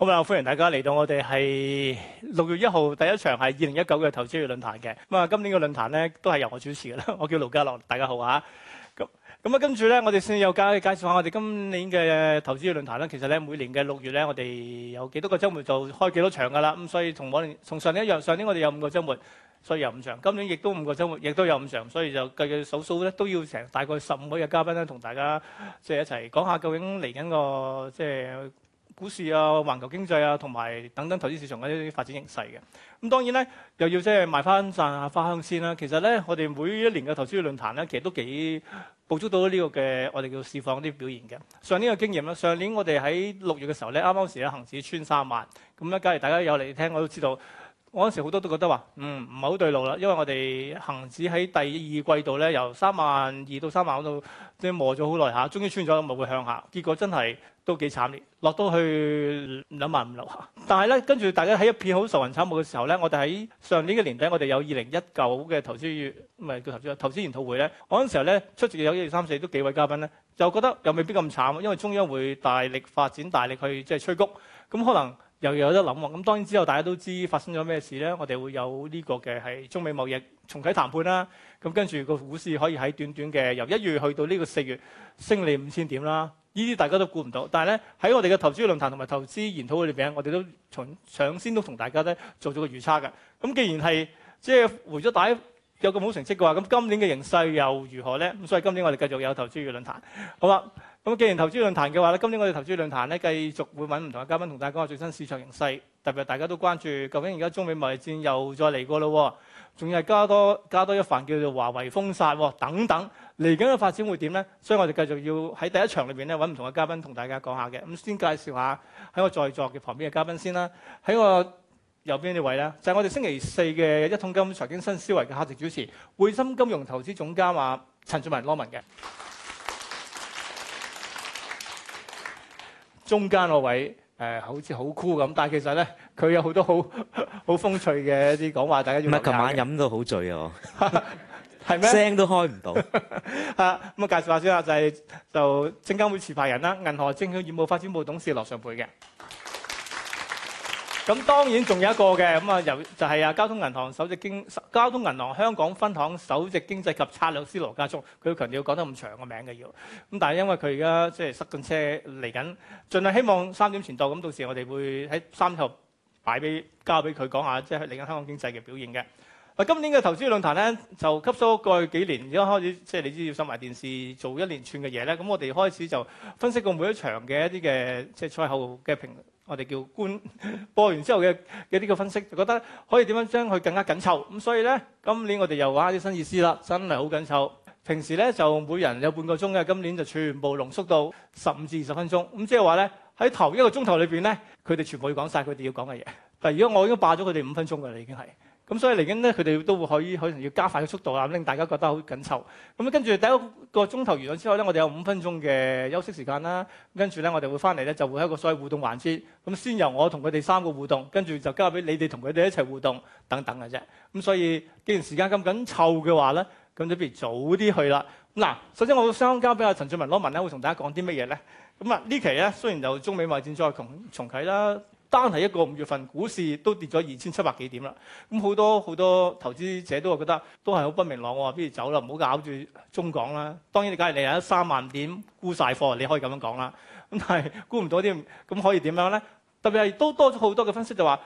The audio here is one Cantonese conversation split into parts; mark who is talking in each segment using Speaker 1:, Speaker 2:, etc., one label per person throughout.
Speaker 1: 好啦，歡迎大家嚟到我哋係六月一號第一場係二零一九嘅投資月論壇嘅。咁啊，今年嘅論壇咧都係由我主持嘅啦，我叫盧嘉樂，大家好啊。咁咁啊，跟住咧，我哋先有介介紹下我哋今年嘅投資月論壇啦。其實咧，每年嘅六月咧，我哋有幾多個週末就開幾多場噶啦。咁所以同往年同上年一樣，上年我哋有五個週末，所以有五場。今年亦都五個週末，亦都有五場，所以就計數數咧都要成大概十五位嘅嘉賓咧，同大家即係一齊講下究竟嚟緊個即係。股市啊、環球經濟啊，同埋等等投資市場嘅一啲發展形勢嘅。咁當然咧，又要即係賣翻讚下花香先啦、啊。其實咧，我哋每一年嘅投資論壇咧，其實都幾捕捉到呢個嘅我哋叫市況啲表現嘅。上年嘅經驗啦，上年我哋喺六月嘅時候咧，啱啱時咧恒指穿三萬，咁咧假如大家有嚟聽，我都知道。嗰陣時好多都覺得話，嗯，唔係好對路啦，因為我哋恆指喺第二季度咧，由三萬二到三萬嗰度，即磨咗好耐下，終於穿咗，咁咪會向下。結果真係都幾慘烈，落到去兩萬五樓下。但係咧，跟住大家喺一片好愁雲慘霧嘅時候咧，我哋喺上年嘅年底，我哋有二零一九嘅投資，唔係叫投資，投資研討會咧。嗰陣時候咧，出席有一二三四都幾位嘉賓咧，就覺得又未必咁慘，因為中央會大力發展、大力去即係吹谷，咁可能。又有得諗喎，咁當然之後大家都知發生咗咩事咧，我哋會有呢個嘅係中美貿易重啟談判啦，咁跟住個股市可以喺短短嘅由一月去到呢個四月升你五千點啦，呢啲大家都估唔到，但係咧喺我哋嘅投資論壇同埋投資研討會裏面，我哋都搶先都同大家咧做咗個預測嘅，咁既然係即係回咗帶。有咁好成績嘅話，咁今年嘅形勢又如何呢？咁所以今年我哋繼續有投資嘅論壇。好啦，咁既然投資論壇嘅話呢，今年我哋投資論壇呢，繼續會揾唔同嘅嘉賓同大家講下最新市場形勢，特別大家都關注究竟而家中美貿易戰又再嚟過咯，仲要係加多加多一番叫做華為封殺等等嚟緊嘅發展會點呢？所以我哋繼續要喺第一場裏面揾唔同嘅嘉賓同大家講下嘅。咁先介紹下喺我在座嘅旁邊嘅嘉賓先啦，喺我。有邊啲位咧？就係、是、我哋星期四嘅一桶金財經新思維嘅客席主持，匯心金融投資總監阿陳俊文羅文嘅。 中間個位誒、呃，好似好酷咁，但係其實咧，佢有好多好好風趣嘅一啲講話，大家要。唔係，琴晚飲到好醉啊！係咩？聲都開唔到。啊，咁啊，介紹下先啦，就係就證監會持牌人啦，銀河證券業務發展部董事羅尚沛嘅。咁當然仲有一個嘅，咁啊由就係啊交通銀行首席經交通銀行香港分行首席經濟及策略師羅家聰，佢強調講得咁長個名嘅要，咁但係因為佢而家即係塞緊車嚟緊，盡量希望三點前到，咁到時我哋會喺三點後擺俾交俾佢講下，即係嚟緊香港經濟嘅表現嘅。啊，今年嘅投資論壇咧就吸收過去幾年而家開始，即係你知要收埋電視做一連串嘅嘢咧，咁我哋開始就分析過每一場嘅一啲嘅即係賽後嘅評。我哋叫官播完之後嘅嘅呢個分析，就覺得可以點樣將佢更加緊湊。咁所以呢，今年我哋又玩啲新意思啦，真係好緊湊。平時呢，就每人有半個鐘嘅，今年就全部濃縮到十五至二十分鐘。咁即係話呢，喺頭一個鐘頭裏邊呢，佢哋全部要講晒佢哋要講嘅嘢。但係如果我已經霸咗佢哋五分鐘㗎啦，已經係。咁所以嚟緊咧，佢哋都會可以可能要加快個速度啦，令大家覺得好緊湊。咁跟住第一個鐘頭完咗之後咧，我哋有五分鐘嘅休息時間啦。跟住咧，我哋會翻嚟咧，就會係一個所謂互動環節。咁先由我同佢哋三個互動，跟住就交俾你哋同佢哋一齊互動等等嘅啫。咁所以既然時間咁緊湊嘅話咧，咁就不如早啲去啦。嗱，首先我會想交俾阿陳俊文攞文啦，Norman，會同大家講啲乜嘢咧？咁啊，呢期咧，雖然就中美貿戰再重重啟啦。單係一個五月份，股市都跌咗二千七百幾點啦。咁好多好多投資者都係覺得都係好不明朗。我話不如走啦，唔好搞住中港啦。當然，你當然 30,，你假如你喺三萬點沽晒貨，你可以咁樣講啦。咁但係沽唔到啲，咁可以點樣咧？特別係都多咗好多嘅分析就，就話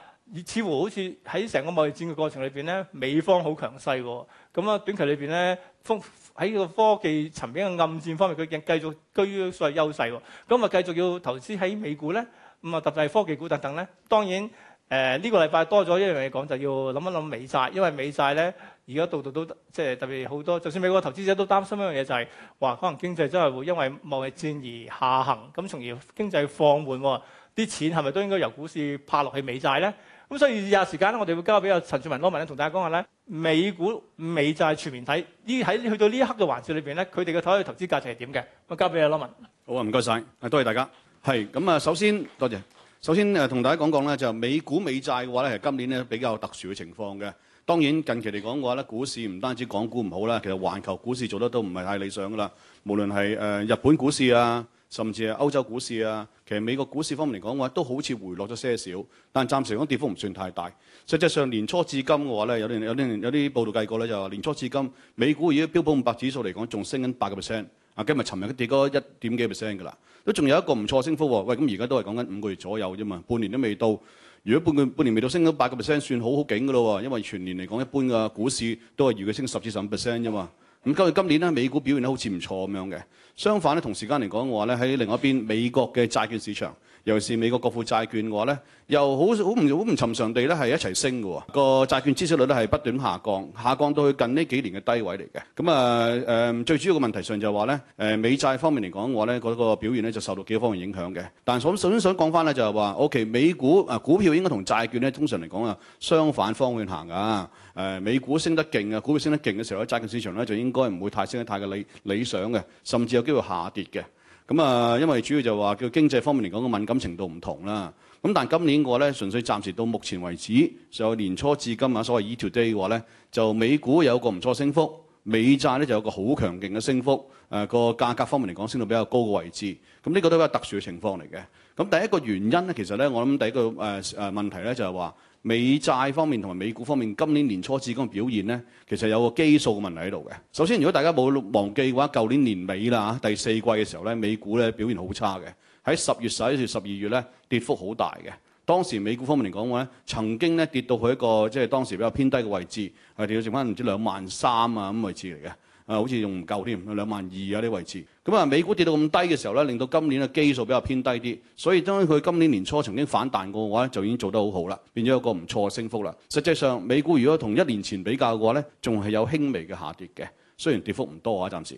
Speaker 1: 似乎好似喺成個貿易戰嘅過程裏邊咧，美方好強勢喎。咁啊，短期裏邊咧，科喺個科技層面嘅暗戰方面，佢繼續居於所有優勢喎。咁啊，繼續要投資喺美股咧？咁啊，特別係科技股等等咧。當然，誒、呃、呢、這個禮拜多咗一樣嘢講，就要諗一諗美債，因為美債咧，而家度度都即係、呃、特別好多，就算美國投資者都擔心一樣嘢，就係、是、話可能經濟真係會因為貿易戰而下行，咁從而經濟放緩，啲、哦、錢係咪都應該由股市拍落去美債咧？咁所以下時間咧，我哋會交俾阿陳俊文羅文同大家講下咧，美股、美債全面睇，呢喺去到呢一刻嘅環節裏邊咧，佢哋嘅睇嘅投資價值係點嘅？我交俾阿羅文。
Speaker 2: 好啊，唔該晒，多謝大家。係咁啊！首先多謝，首先誒同大家講講咧，就美股美債嘅話咧，係今年咧比較特殊嘅情況嘅。當然近期嚟講嘅話咧，股市唔單止港股唔好啦，其實環球股市做得都唔係太理想㗎啦。無論係誒日本股市啊，甚至係歐洲股市啊，其實美國股市方面嚟講嘅話，都好似回落咗些少，但係暫時講跌幅唔算太大。實際上年初至今嘅話咧，有啲有啲有啲報道計過咧，就話年初至今美股已經標普五百指數嚟講，仲升緊八個 percent。啊，今日、尋日都跌咗一點幾 percent 㗎啦，都仲有一個唔錯升幅喎。喂，咁而家都係講緊五個月左右啫嘛，半年都未到。如果半個半年未到升咗八個 percent 算好好勁嘅咯，因為全年嚟講，一般嘅股市都係預佢升十至十五 percent 啫嘛。咁今今年咧，美股表現得好似唔錯咁樣嘅。相反咧，同時間嚟講嘅話咧，喺另外一邊美國嘅債券市場。尤其是美國國庫債券嘅話呢又好好唔好尋常地係一齊升的喎，個債券孳息率咧係不斷下降，下降到去近呢幾年嘅低位嚟嘅。咁啊、呃、最主要嘅問題上就係話呢美債方面嚟講嘅話咧，嗰、嗰個表現就受到幾個方面影響嘅。但係我首先想講返呢，就係話，OK，美股、啊、股票應該同債券呢通常嚟講啊相反方向行㗎。呃、啊、美股升得勁啊，股票升得勁嘅時候債債券市場呢就應該唔會太升得太理理想嘅，甚至有機會下跌嘅。咁啊，因為主要就話叫經濟方面嚟講個敏感程度唔同啦。咁但今年嘅話咧，純粹暫時到目前為止，就年初至今啊，所謂以、e、today 嘅話咧，就美股有個唔錯升幅，美債咧就有個好強勁嘅升幅，誒、啊、個價格方面嚟講升到比較高嘅位置。咁呢個都係特殊嘅情況嚟嘅。咁第一個原因咧，其實咧，我諗第一個誒誒問題咧就係話。美債方面同埋美股方面今年年初至今嘅表現咧，其實有個基數嘅問題喺度嘅。首先，如果大家冇忘記嘅話，舊年年尾啦嚇，第四季嘅時候咧，美股咧表現好差嘅，喺十月、十一月、十二月咧跌幅好大嘅。當時美股方面嚟講嘅話咧，曾經咧跌到去一個即係當時比較偏低嘅位置，係跌到剩翻唔知兩萬三啊咁位置嚟嘅。啊，好似仲唔夠添，兩萬二啊啲位置。咁啊，美股跌到咁低嘅時候咧，令到今年嘅基數比較偏低啲。所以當佢今年年初曾經反彈過嘅話咧，就已經做得好好啦，變咗一個唔錯嘅升幅啦。實際上，美股如果同一年前比較嘅話咧，仲係有輕微嘅下跌嘅，雖然跌幅唔多啊，暫時。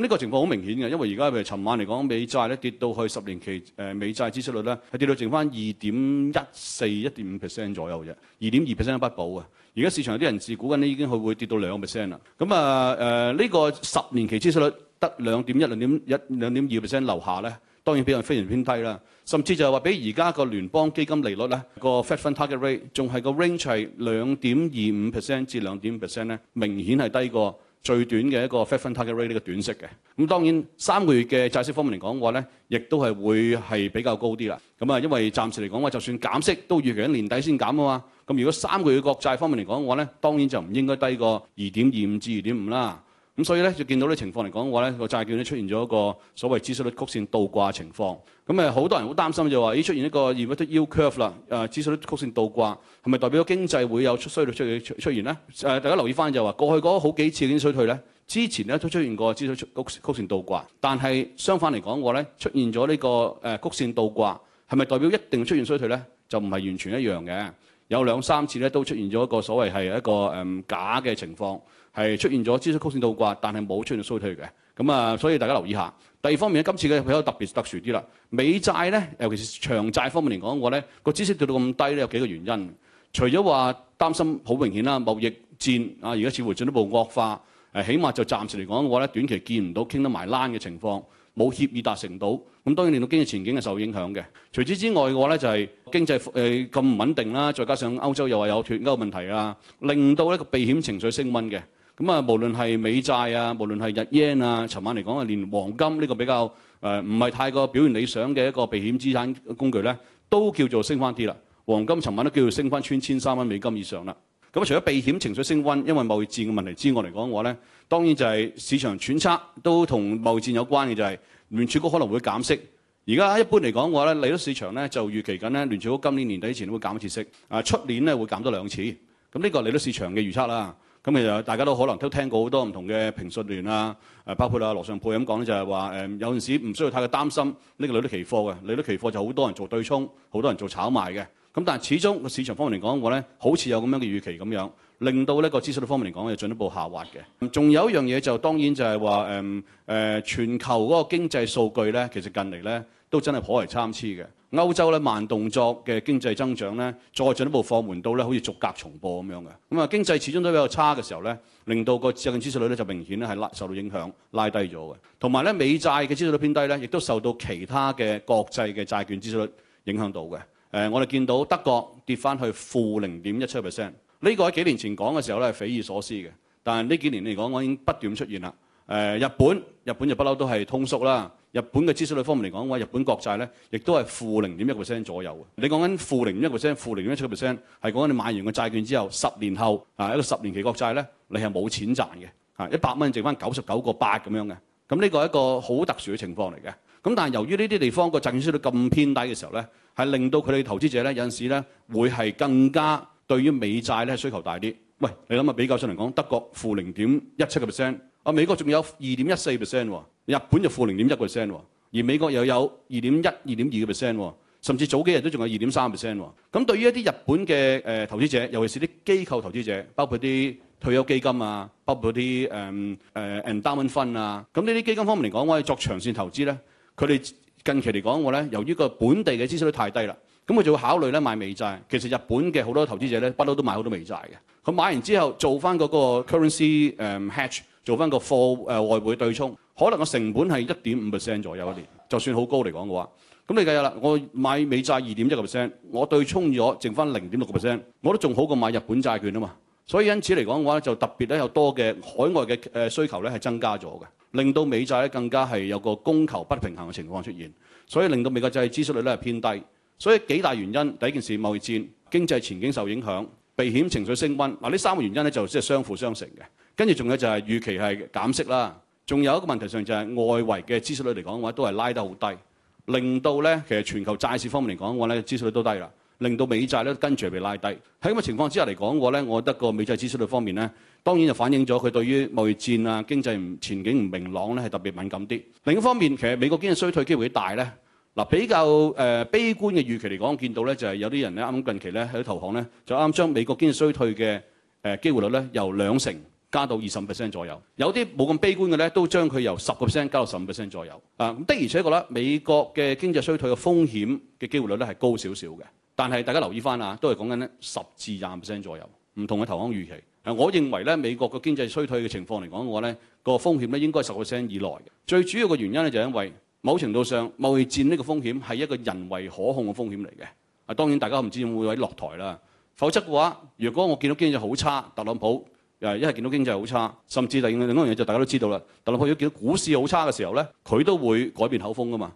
Speaker 2: 呢、這個情況好明顯嘅，因為而家譬如尋晚嚟講，美債咧跌到去十年期誒、呃、美債孳息率咧，係跌到剩返二點一四、一點五 percent 左右啫，二點二 percent 不保啊。而家市場有啲人自估緊呢已經佢會，會跌到兩個 percent 啦。咁啊誒呢個十年期孳息率得兩點一、兩點一、兩點二 percent 留下咧，當然比較非常偏低啦。甚至就係話，比而家個聯邦基金利率咧個 Fed Fund Target Rate 仲係個 range 係兩點二五 percent 至兩點五 percent 咧，明顯係低過。最短嘅一個 federal target rate 呢個短息嘅，咁當然三個月嘅債息方面嚟講嘅話呢，亦都係會係比較高啲啦。咁啊，因為暫時嚟講嘅話，就算減息都預期年底先減啊嘛。咁如果三個月嘅國債方面嚟講嘅話呢，當然就唔應該低過二點二五至二點五啦。咁所以咧，就見到呢情況嚟講嘅話咧，個債券咧，出現咗一個所謂孳息率曲線倒掛情況。咁誒，好多人好擔心就話：咦，出現一個 inverse U curve 啦、呃，誒孳息率曲線倒掛，係咪代表咗經濟會有出衰退出現咧？誒、呃，大家留意翻就話、是，過去嗰好幾次已經衰退咧，之前咧都出現過孳息曲曲線倒掛，但係相反嚟講嘅話咧，出現咗呢個誒曲線倒掛，係咪代表一定出現衰退咧？就唔係完全一樣嘅。有兩三次咧都出現咗一個所謂係一個誒、嗯、假嘅情況。係出現咗孳息曲線倒掛，但係冇出現衰退嘅。咁啊，所以大家留意下。第二方面咧，今次嘅比較特別特殊啲啦。美債咧，尤其是長債方面嚟講嘅話咧，個孳息跌到咁低咧，有幾個原因。除咗話擔心好明顯啦，貿易戰啊，而家似乎進一步惡化。誒，起碼就暫時嚟講嘅話咧，短期見唔到傾得埋欄嘅情況，冇協議達成到。咁當然令到經濟前景係受影響嘅。除此之外嘅話咧，就係、是、經濟誒咁唔穩定啦，再加上歐洲又話有脫歐問題啊，令到呢個避險情緒升溫嘅。咁啊，無論係美債啊，無論係日 yen 啊，尋晚嚟講啊，連黃金呢個比較誒唔係太過表現理想嘅一個避險資產工具咧，都叫做升翻啲啦。黃金尋晚都叫做升翻穿千三蚊美金以上啦。咁除咗避險情緒升溫，因為貿易戰嘅問題之外嚟講，嘅話咧，當然就係市場揣測都同貿易戰有關嘅，就係聯儲局可能會減息。而家一般嚟講嘅話咧，利率市場咧就預期緊咧聯儲局今年年底前會減一次息，啊出年咧會減多兩次。咁呢個利率市場嘅預測啦。咁其實大家都可能都聽過好多唔同嘅評述員啊，誒包括啦羅尚沛咁講咧，就係話誒有陣時唔需要太過擔心呢個利率期貨嘅，利率期貨就好多人做對沖，好多人做炒賣嘅。咁但係始終個市場方面嚟講嘅話咧，好似有咁樣嘅預期咁樣，令到呢個資產方面嚟講係進一步下滑嘅。仲有一樣嘢就當然就係話誒誒全球嗰個經濟數據咧，其實近嚟咧都真係頗為參差嘅。歐洲咧慢動作嘅經濟增長咧，再進一步放緩到咧，好似逐格重播咁樣嘅。咁啊，經濟始終都比較差嘅時候咧，令到個最近孳息率咧就明顯咧係拉受到影響，拉低咗嘅。同埋咧，美債嘅孳息率偏低咧，亦都受到其他嘅國際嘅債券孳息率影響到嘅。誒，我哋見到德國跌翻去負零點一七 percent，呢個喺幾年前講嘅時候咧係匪夷所思嘅，但係呢幾年嚟講，我已經不斷出現啦。誒，日本日本就不嬲都係通縮啦。日本嘅孳息率方面嚟講嘅話，日本國債咧，亦都係負零點一個 percent 左右嘅。你講緊負零點一個 percent、負零點一七個 percent，係講緊你買完個債券之後，十年後啊，一個十年期國債咧，你係冇錢賺嘅。嚇，一百蚊剩翻九十九個八咁樣嘅。咁呢個係一個好特殊嘅情況嚟嘅。咁但係由於呢啲地方個債息率咁偏低嘅時候咧，係令到佢哋投資者咧有陣時咧會係更加對於美債咧需求大啲。喂，你諗下比較上嚟講，德國負零點一七個 percent。啊！美國仲有二點一四 percent，日本就負零點一 percent，而美國又有二點一、二點二個 percent，甚至早幾日都仲有二點三 percent。咁、啊、對於一啲日本嘅誒、呃、投資者，尤其是啲機構投資者，包括啲退休基金啊，包括啲誒誒 endowment fund 啊，咁呢啲基金方面嚟講，我哋作長線投資咧。佢哋近期嚟講嘅咧，由於個本地嘅孳息率太低啦，咁佢就會考慮咧買美債。其實日本嘅好多投資者咧，不嬲都買好多美債嘅。佢買完之後做翻嗰個 currency 誒、嗯、hatch。做翻個貨、呃、外匯對沖，可能個成本係一點五 percent 左右一年，就算好高嚟講嘅話，咁你計下啦，我買美債二點一個 percent，我對沖咗剩翻零點六個 percent，我都仲好過買日本債券啊嘛，所以因此嚟講嘅話就特別咧有多嘅海外嘅需求咧係增加咗嘅，令到美債咧更加係有個供求不平衡嘅情況出現，所以令到美國債息率咧係偏低，所以幾大原因，第一件事貿易戰，經濟前景受影響，避險情緒升溫，嗱呢三個原因咧就即係相輔相成嘅。跟住仲有就係預期係減息啦。仲有一個問題上就係外圍嘅孳息率嚟講嘅話，都係拉得好低，令到咧其實全球債市方面嚟講嘅話咧，孳息率都低啦，令到美債咧跟住係被拉低喺咁嘅情況之下嚟講嘅話咧，我覺得個美債孳息率方面咧，當然就反映咗佢對於貿易戰啊經濟唔前景唔明朗咧係特別敏感啲。另一方面，其實美國經濟衰退機會大咧嗱，比較誒悲觀嘅預期嚟講，我見到咧就係有啲人咧啱啱近期咧喺投行咧就啱啱將美國經濟衰退嘅誒機會率咧由兩成。加到二十 percent 左右，有啲冇咁悲觀嘅咧，都將佢由十個 percent 加到十五 percent 左右。啊，的而且確咧，美國嘅經濟衰退嘅風險嘅機會率咧係高少少嘅。但係大家留意翻啊，都係講緊咧十至廿 percent 左右唔同嘅投行預期。嗱，我認為咧，美國嘅經濟衰退嘅情況嚟講嘅話咧，個風險咧應該係十個 percent 以內嘅。最主要嘅原因咧就係因為某程度上貿易戰呢個風險係一個人為可控嘅風險嚟嘅。啊，當然大家唔知道會唔會位落台啦。否則嘅話，如果我見到經濟好差，特朗普。又一係見到經濟好差，甚至另另一樣嘢就大家都知道啦。特朗普如果見到股市好差嘅時候咧，佢都會改變口風㗎嘛。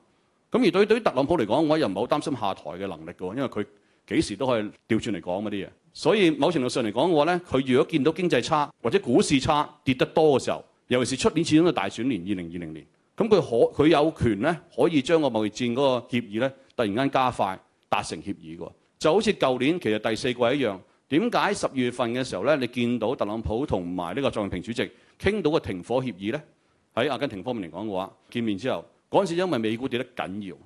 Speaker 2: 咁而對於特朗普嚟講，我又唔係好擔心下台嘅能力嘅喎，因為佢幾時都可以調轉嚟講嗰啲嘢。所以某程度上嚟講嘅話咧，佢如果見到經濟差或者股市差跌得多嘅時候，尤其是出年始終嘅大選年二零二零年，咁佢可佢有權咧可以將個貿易戰嗰個協議咧突然間加快達成協議嘅喎，就好似舊年其實第四季一樣。點解十二月份嘅時候咧，你見到特朗普同埋呢個習近平主席傾到個停火協議咧？喺阿根廷方面嚟講嘅話，見面之後嗰陣時，因為美股跌得緊要，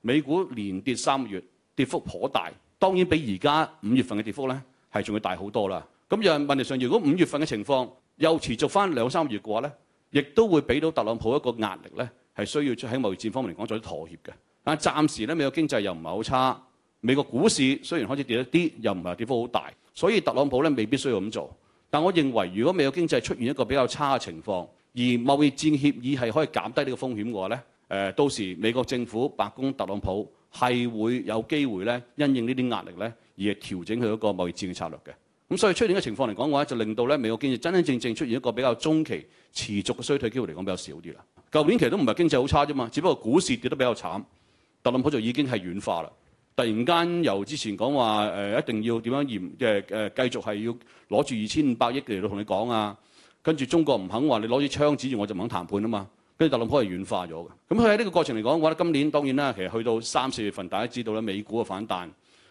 Speaker 2: 美股連跌三個月，跌幅頗大，當然比而家五月份嘅跌幅咧係仲要大好多啦。咁樣問題上，如果五月份嘅情況又持續翻兩三個月嘅話咧，亦都會俾到特朗普一個壓力咧，係需要喺貿易戰方面嚟講做啲妥協嘅。但係暫時咧，美國經濟又唔係好差，美國股市雖然開始跌一啲，又唔係跌幅好大。所以特朗普咧未必需要咁做，但我認為如果美國經濟出現一個比較差嘅情況，而貿易戰協議係可以減低呢個風險嘅話咧，誒到時美國政府、白宮、特朗普係會有機會咧因應呢啲壓力咧而係調整佢嗰個貿易戰嘅策略嘅。咁所以出年嘅情況嚟講嘅話，就令到咧美國經濟真真正正出現一個比較中期持續嘅衰退機會嚟講比較少啲啦。舊年其實都唔係經濟好差啫嘛，只不過股市跌得比較慘，特朗普就已經係軟化啦。突然間由之前講話誒，一定要點樣嚴，誒誒，繼續係要攞住二千五百億嚟到同你講啊。跟住中國唔肯話你攞住槍指住我就唔肯談判啊嘛。跟住特朗普係軟化咗嘅。咁佢喺呢個過程嚟講，我覺得今年當然啦，其實去到三四月份，大家知道咧，美股嘅反彈，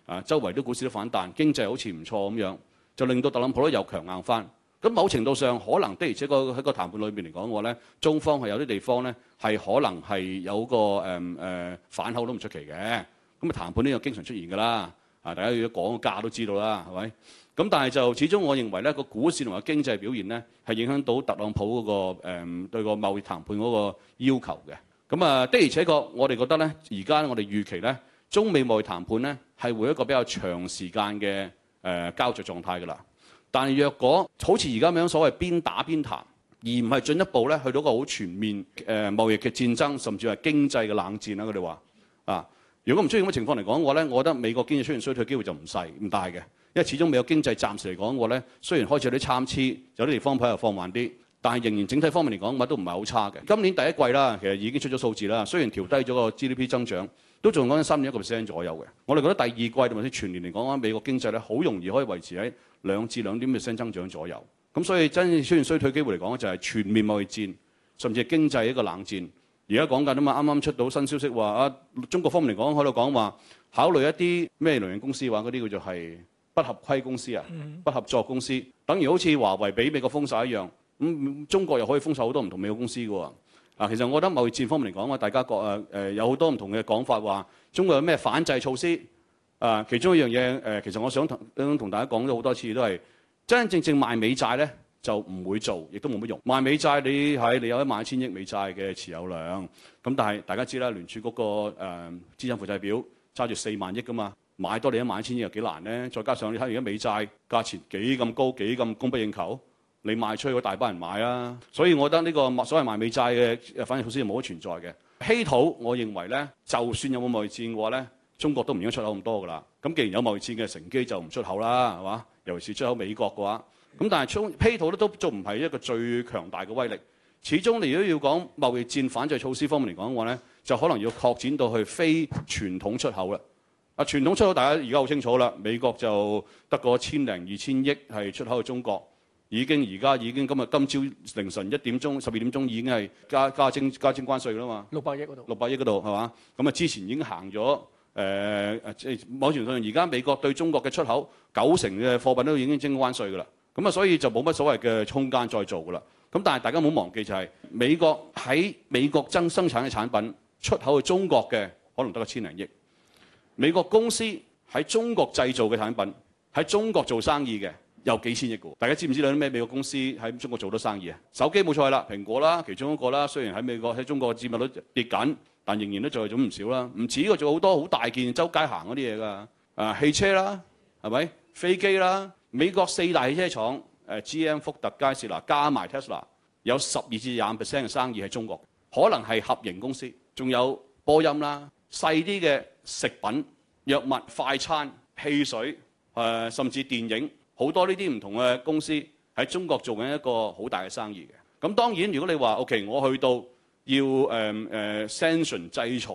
Speaker 2: 啊周圍啲股市都反彈，經濟好似唔錯咁樣，就令到特朗普咧又強硬翻。咁、嗯、某程度上可能的，而且在個喺個談判裏面嚟講嘅話，我咧中方係有啲地方咧係可能係有個誒誒、嗯呃、反口都唔出奇嘅。咁啊，談判呢個經常出現㗎啦，啊，大家要講個價都知道啦，係咪？咁但係就始終，我認為咧，個股市同埋經濟表現咧，係影響到特朗普嗰、嗰個誒、呃、對個貿易談判嗰個要求嘅。咁啊，的而且確，我哋覺得咧，而家我哋預期咧，中美貿易談判咧，係會一個比較長時間嘅誒膠著狀態㗎啦。但係若果好似而家咁樣所謂邊打邊談，而唔係進一步咧去到個好全面呃、貿易嘅戰爭，甚至係經濟嘅冷戰啦，佢哋話啊。如果唔出現咁嘅情況嚟講嘅話，我呢我覺得美國經濟出現衰退機會就唔細唔大嘅，因為始終美國經濟暫時嚟講嘅話，我呢雖然開始有啲參差，有啲地方可能又放慢啲，但係仍然整體方面嚟講，乜都唔係好差嘅。今年第一季啦，其實已經出咗數字啦，雖然調低咗個 GDP 增長，都仲講緊三點一個 percent 左右嘅。我哋覺得第二季或者、就是、全年嚟講，美國經濟呢好容易可以維持喺兩至兩點 percent 增長左右。咁所以真正出現衰退機會嚟講，就係、是、全面貿易戰，甚至經濟一個冷戰。而家講緊啊嘛，啱啱出到新消息話啊，中國方面嚟講，喺度講話考慮一啲咩類型公司話嗰啲叫做係不合規公司啊，不合作公司，等於好似華為俾美國封鎖一樣，咁中國又可以封鎖好多唔同美國公司嘅喎。啊，其實我覺得貿易戰方面嚟講啊，大家覺誒誒有好多唔同嘅講法話中國有咩反制措施啊？其中一樣嘢誒、呃，其實我想想同，同大家講咗好多次都係真真正正賣美債咧。就唔會做，亦都冇乜用。賣美債，你喺你有一萬一千億美債嘅持有量，咁但係大家知啦，聯儲局個誒資產負債表揸住四萬億噶嘛，買多你一萬一千億又幾難咧？再加上你睇而家美債價錢幾咁高，幾咁供不應求，你賣出去大班人買啦，啊。所以我覺得呢個所謂賣美債嘅反正措施冇乜存在嘅。稀土，我認為咧，就算有冇貿易戰嘅話咧，中國都唔應該出口咁多噶啦。咁既然有貿易戰嘅成機，就唔出口啦，係嘛？尤其是出口美國嘅話。咁但係出稀土咧都仲唔係一個最強大嘅威力。始終嚟如果要講貿易戰反制措施方面嚟講嘅話咧，就可能要擴展到去非傳統出口啦。啊，傳統出口大家而家好清楚啦，美國就得過千零二千億係出口去中國，已經而家已經今日今朝凌晨一點鐘十二點鐘已經係加加加徵加徵關稅啦嘛。六百億嗰
Speaker 1: 度。
Speaker 2: 六百億嗰度係嘛？咁啊之前已經行咗誒某程度上而家美國對中國嘅出口九成嘅貨品都已經徵關稅㗎啦。咁啊，所以就冇乜所謂嘅空間再做噶啦。咁但係大家唔好忘記就係美國喺美國增生產嘅產品出口去中國嘅，可能得個千零億。美國公司喺中國製造嘅產品，喺中國做生意嘅有幾千億個。大家知唔知道啲咩美國公司喺中國做得生意啊？手機冇錯啦，蘋果啦，其中一個啦。雖然喺美國喺中國嘅佔有率跌緊，但仍然都做咗唔少啦。唔似呢個做好多好大件周街行嗰啲嘢噶，啊汽車啦，係咪飛機啦？美國四大汽車廠，GM、福特、佳士拿加埋 Tesla，有十二至廿五 percent 嘅生意喺中國，可能係合營公司。仲有波音啦，細啲嘅食品、藥物、快餐、汽水，呃、甚至電影，好多呢啲唔同嘅公司喺中國做緊一個好大嘅生意嘅。咁當然，如果你話 OK，我去到要誒誒 sanction 制裁、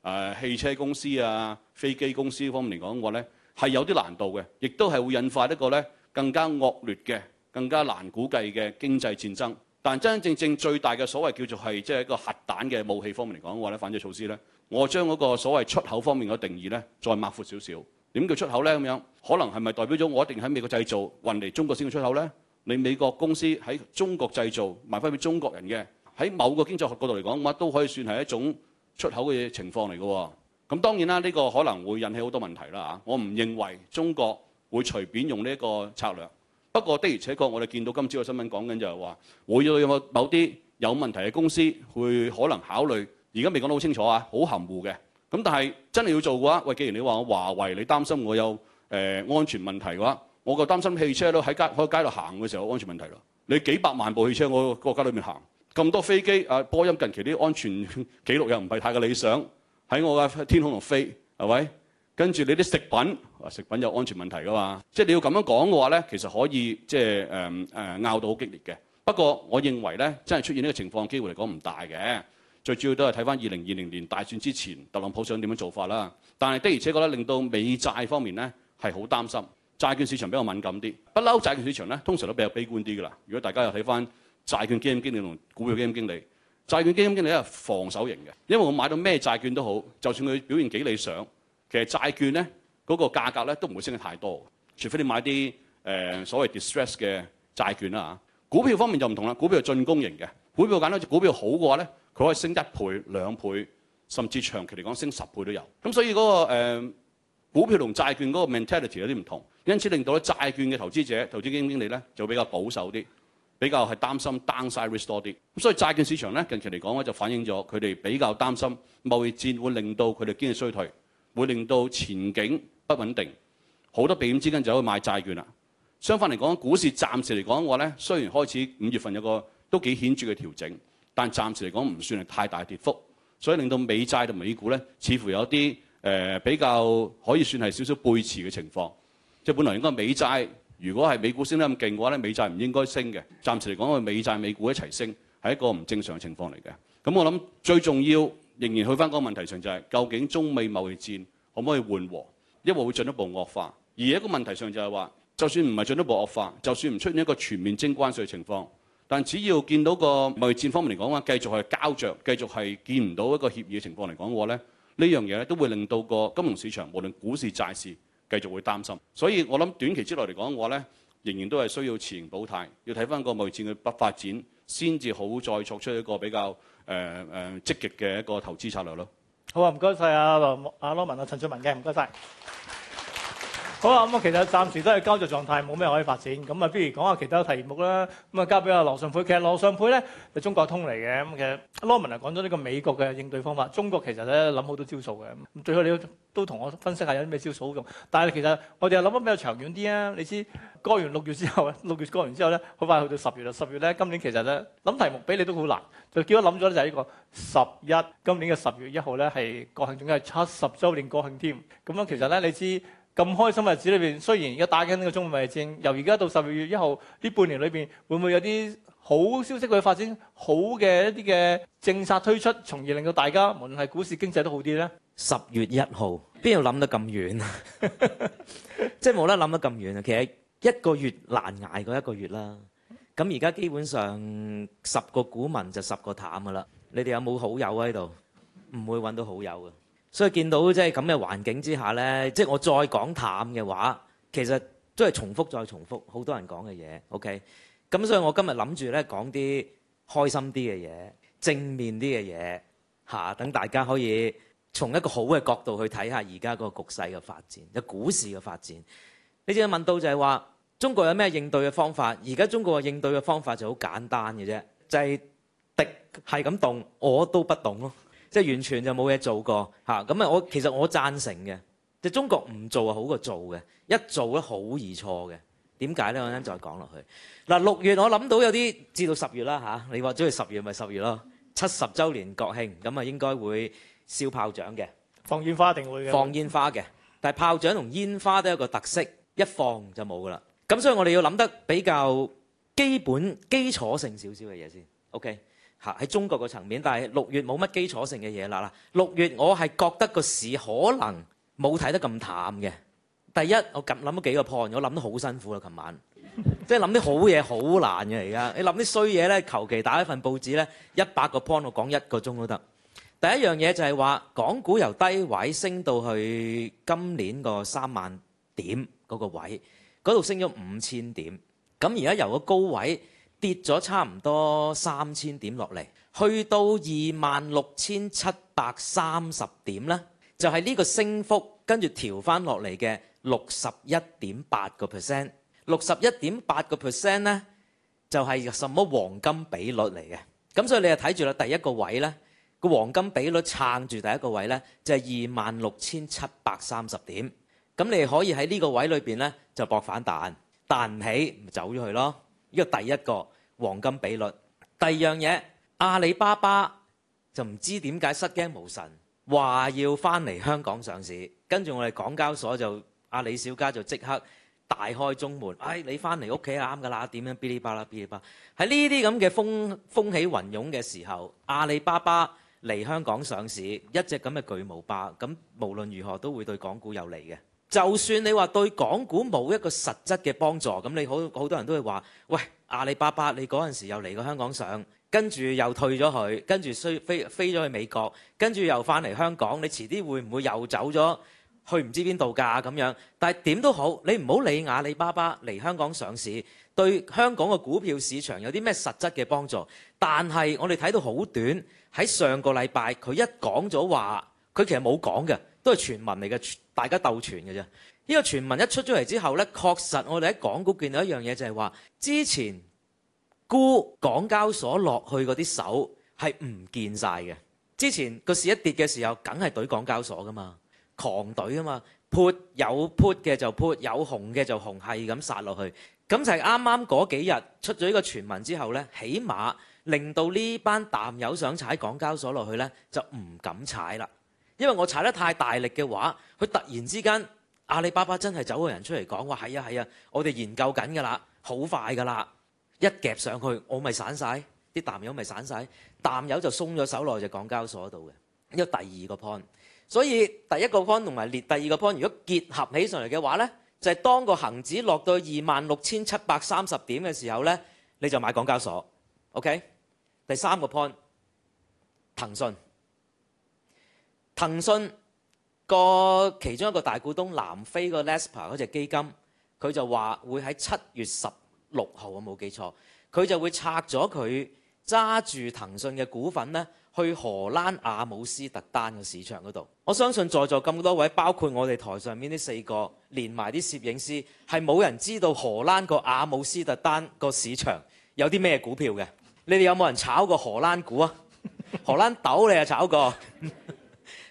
Speaker 2: 呃、汽車公司啊、飛機公司方面嚟講嘅話咧。係有啲難度嘅，亦都係會引發一個咧更加惡劣嘅、更加難估計嘅經濟戰爭。但真真正正最大嘅所謂叫做係即係一個核彈嘅武器方面嚟講嘅話咧，反制措施咧，我將嗰個所謂出口方面嘅定義咧再擴闊少少。點叫出口咧？咁樣可能係咪代表咗我一定喺美國製造運嚟中國先叫出口咧？你美國公司喺中國製造賣翻俾中國人嘅，喺某個經濟學角度嚟講，乜都可以算係一種出口嘅情況嚟㗎喎。咁當然啦，呢個可能會引起好多問題啦嚇。我唔認為中國會隨便用呢一個策略。不過的而且確，我哋見到今朝嘅新聞講緊就係話，會有冇某啲有問題嘅公司會可能考慮。而家未講得好清楚啊，好含糊嘅。咁但係真係要做嘅話，喂，既然你話華為你擔心我有、呃、安全問題嘅話，我就擔心汽車都喺街喺街度行嘅時候安全問題啦。你幾百萬部汽車，我國家裏面行咁多飛機啊，波音近期啲安全記錄又唔係太嘅理想。喺我嘅天空度飛，係咪？跟住你啲食品，食品有安全問題噶嘛？即係你要咁樣講嘅話咧，其實可以即係誒誒拗到好激烈嘅。不過我認為咧，真係出現呢個情況嘅機會嚟講唔大嘅。最主要都係睇翻二零二零年大選之前，特朗普想點樣做法啦？但係的而且確咧，令到美債方面咧係好擔心，債券市場比較敏感啲，不嬲債券市場咧通常都比較悲觀啲噶啦。如果大家又睇翻債券基金經理同股票基金經理。債券基金經理咧係防守型嘅，因為我買到咩債券都好，就算佢表現幾理想，其實債券咧嗰個價格咧都唔會升得太多，除非你買啲誒、呃、所謂 distress 嘅債券啦。啊、股票方面就唔同啦，股票係進攻型嘅，股票揀到隻股票好嘅話咧，佢可以升一倍、兩倍，甚至長期嚟講升十倍都有。咁所以嗰、那個、呃、股票同債券嗰個 mentality 有啲唔同，因此令到咧債券嘅投資者、投資基金經理咧就比較保守啲。比較係擔心 downside risk 多啲，咁所以債券市場咧近期嚟講咧就反映咗佢哋比較擔心貿易戰會令到佢哋經濟衰退，會令到前景不穩定，好多避險資金就可以買債券啦。相反嚟講，股市暫時嚟講嘅話咧，雖然開始五月份有個都幾顯著嘅調整，但暫時嚟講唔算係太大跌幅，所以令到美債同美股咧似乎有啲誒比較可以算係少少背馳嘅情況，即係本來應該美債。如果係美股升得咁勁嘅話咧，美債唔應該升嘅。暫時嚟講，係美債美股一齊升，係一個唔正常嘅情況嚟嘅。咁我諗最重要仍然去翻個問題上就係，究竟中美貿易戰可唔可以緩和，抑或會進一步惡化？而一個問題上就係話，就算唔係進一步惡化，就算唔出現一個全面徵關稅嘅情況，但只要見到個貿易戰方面嚟講話，繼續係膠着，繼續係見唔到一個協議嘅情況嚟講話咧，呢樣嘢咧都會令到個金融市場，無論股市、債市。繼續會擔心，所以我諗短期之內嚟講，我咧仍然都係需要持盈保泰，要睇翻個貿易戰嘅不發展，先至好再作出一個比較誒誒、呃呃、積極嘅一個投資策略咯。
Speaker 1: 好啊，唔該晒啊，阿羅文啊，陳俊文嘅唔該晒。好啊！咁啊，其實暫時都係膠著狀態，冇咩可以發展。咁啊，不如講下其他題目啦。咁啊，交俾阿羅尚沛。其實羅尚沛咧係中國通嚟嘅。咁其實 Norman 嚟講咗呢個美國嘅應對方法。中國其實咧諗好多招數嘅。咁最後你都同我分析下有啲咩招數好用。但係其實我哋又諗得比較長遠啲啊。你知過完六月之後，六月過完之後咧，好快去到十月啦。十月咧，今年其實咧諗題目俾你都好難。就叫我諗咗咧，就係呢個十一。今年嘅十月一號咧，係國慶，仲要係七十周年國慶添。咁樣其實咧，你知。咁開心日子裏邊，雖然而家打緊呢個中貿戰，由而家到十二月一號呢半年裏邊，會唔會有啲好消息嘅發展，好嘅一啲嘅
Speaker 3: 政策推出，從而令到大家無論係股市經濟都好啲呢？十月一號，邊度諗得咁遠？即係冇得諗得咁遠啊！其實一個月難捱過一個月啦。咁而家基本上十個股民就十個淡噶啦。你哋有冇好友喺度？唔會揾到好友嘅。所以見到即係咁嘅環境之下呢，即係我再講淡嘅話，其實都係重複再重複好多人講嘅嘢。OK，咁所以我今日諗住呢，講啲開心啲嘅嘢，正面啲嘅嘢嚇，等大家可以從一個好嘅角度去睇下而家個局勢嘅發展，就股市嘅發展。你仲問到就係話中國有咩應對嘅方法？而家中國嘅應對嘅方法就好簡單嘅啫，就係敵係咁動，我都不動咯。即係完全就冇嘢做過嚇，咁啊我其實我贊成嘅，即中國唔做啊好過做嘅，一做咧好易錯嘅。點解呢？我一陣間再講落去嗱。六月我諗到有啲至到十月啦嚇，你話鍾意十月咪十月咯，七十週年國慶咁啊，應該會燒炮仗嘅，放煙
Speaker 1: 花定會嘅。放
Speaker 3: 煙花嘅，但係炮仗同煙花都有一個特色，一放就冇噶啦。咁所以我哋要諗得比較基本、基礎性少少嘅嘢先。OK。嚇喺中國個層面，但係六月冇乜基礎性嘅嘢啦啦。六月我係覺得個市可能冇睇得咁淡嘅。第一，我咁諗咗幾個 point，我諗得好辛苦啊，琴晚。即係諗啲好嘢好難嘅而家，你諗啲衰嘢咧，求其打一份報紙咧，一百個 point 我講一個鐘都得。第一樣嘢就係話，港股由低位升到去今年個三萬點嗰個位，嗰度升咗五千點。咁而家由個高位。跌咗差唔多三千點落嚟，去到二萬六千七百三十點啦，就係呢個升幅跟住調翻落嚟嘅六十一點八個 percent，六十一點八個 percent 呢，就係什麼黃金比率嚟嘅，咁所以你就睇住啦，第一個位呢個黃金比率撐住第一個位呢就係二萬六千七百三十點，咁你可以喺呢個位裏面呢，就搏反彈，彈唔起咪走咗去咯。呢個第一個黃金比率，第二樣嘢阿里巴巴就唔知點解失驚無神，話要返嚟香港上市，跟住我哋港交所就阿李小加，就即刻大開中門，哎、你返嚟屋企啱㗎啦，點樣噼里啪啦，噼里啪，喺呢啲咁嘅風起雲湧嘅時候，阿里巴巴嚟香港上市，一隻咁嘅巨無霸，咁無論如何都會對港股有利嘅。就算你話對港股冇一個實質嘅幫助，咁你好好多人都會話：喂，阿里巴巴，你嗰陣時又嚟過香港上，跟住又退咗佢，跟住飛飛咗去美國，跟住又返嚟香港，你遲啲會唔會又走咗去唔知邊度㗎咁樣？但係點都好，你唔好理阿里巴巴嚟香港上市對香港嘅股票市場有啲咩實質嘅幫助。但係我哋睇到好短，喺上個禮拜佢一講咗話，佢其實冇講㗎。都係傳聞嚟嘅，大家鬥傳嘅啫。呢個傳聞一出咗嚟之後呢，確實我哋喺港股見到一樣嘢，就係話之前沽港交所落去嗰啲手係唔見晒嘅。之前個市一跌嘅時候，梗係懟港交所噶嘛，狂懟啊嘛，潑有潑嘅就潑，有紅嘅就紅，係咁殺落去。咁就係啱啱嗰幾日出咗呢個傳聞之後呢，起碼令到呢班淡友想踩港交所落去呢，就唔敢踩啦。因為我踩得太大力嘅話，佢突然之間阿里巴巴真係走個人出嚟講話係啊係啊，我哋研究緊㗎啦，好快㗎啦，一夾上去我咪散曬，啲淡友咪散曬，淡友就鬆咗手落就是、港交所度嘅。呢個第二個 point。所以第一個 point 同埋列第二個 point 如果結合起上嚟嘅話咧，就係、是、當個恒指落到二萬六千七百三十點嘅時候呢，你就買港交所。OK，第三個 point，騰訊。騰訊騰訊個其中一個大股東南非個 Lesper 嗰隻基金，佢就話會喺七月十六號，我冇記錯，佢就會拆咗佢揸住騰訊嘅股份呢去荷蘭阿姆斯特丹嘅市場嗰度。我相信在座咁多位，包括我哋台上面呢四個，連埋啲攝影師，係冇人知道荷蘭個阿姆斯特丹個市場有啲咩股票嘅。你哋有冇人炒過荷蘭股啊？荷蘭豆你又炒過？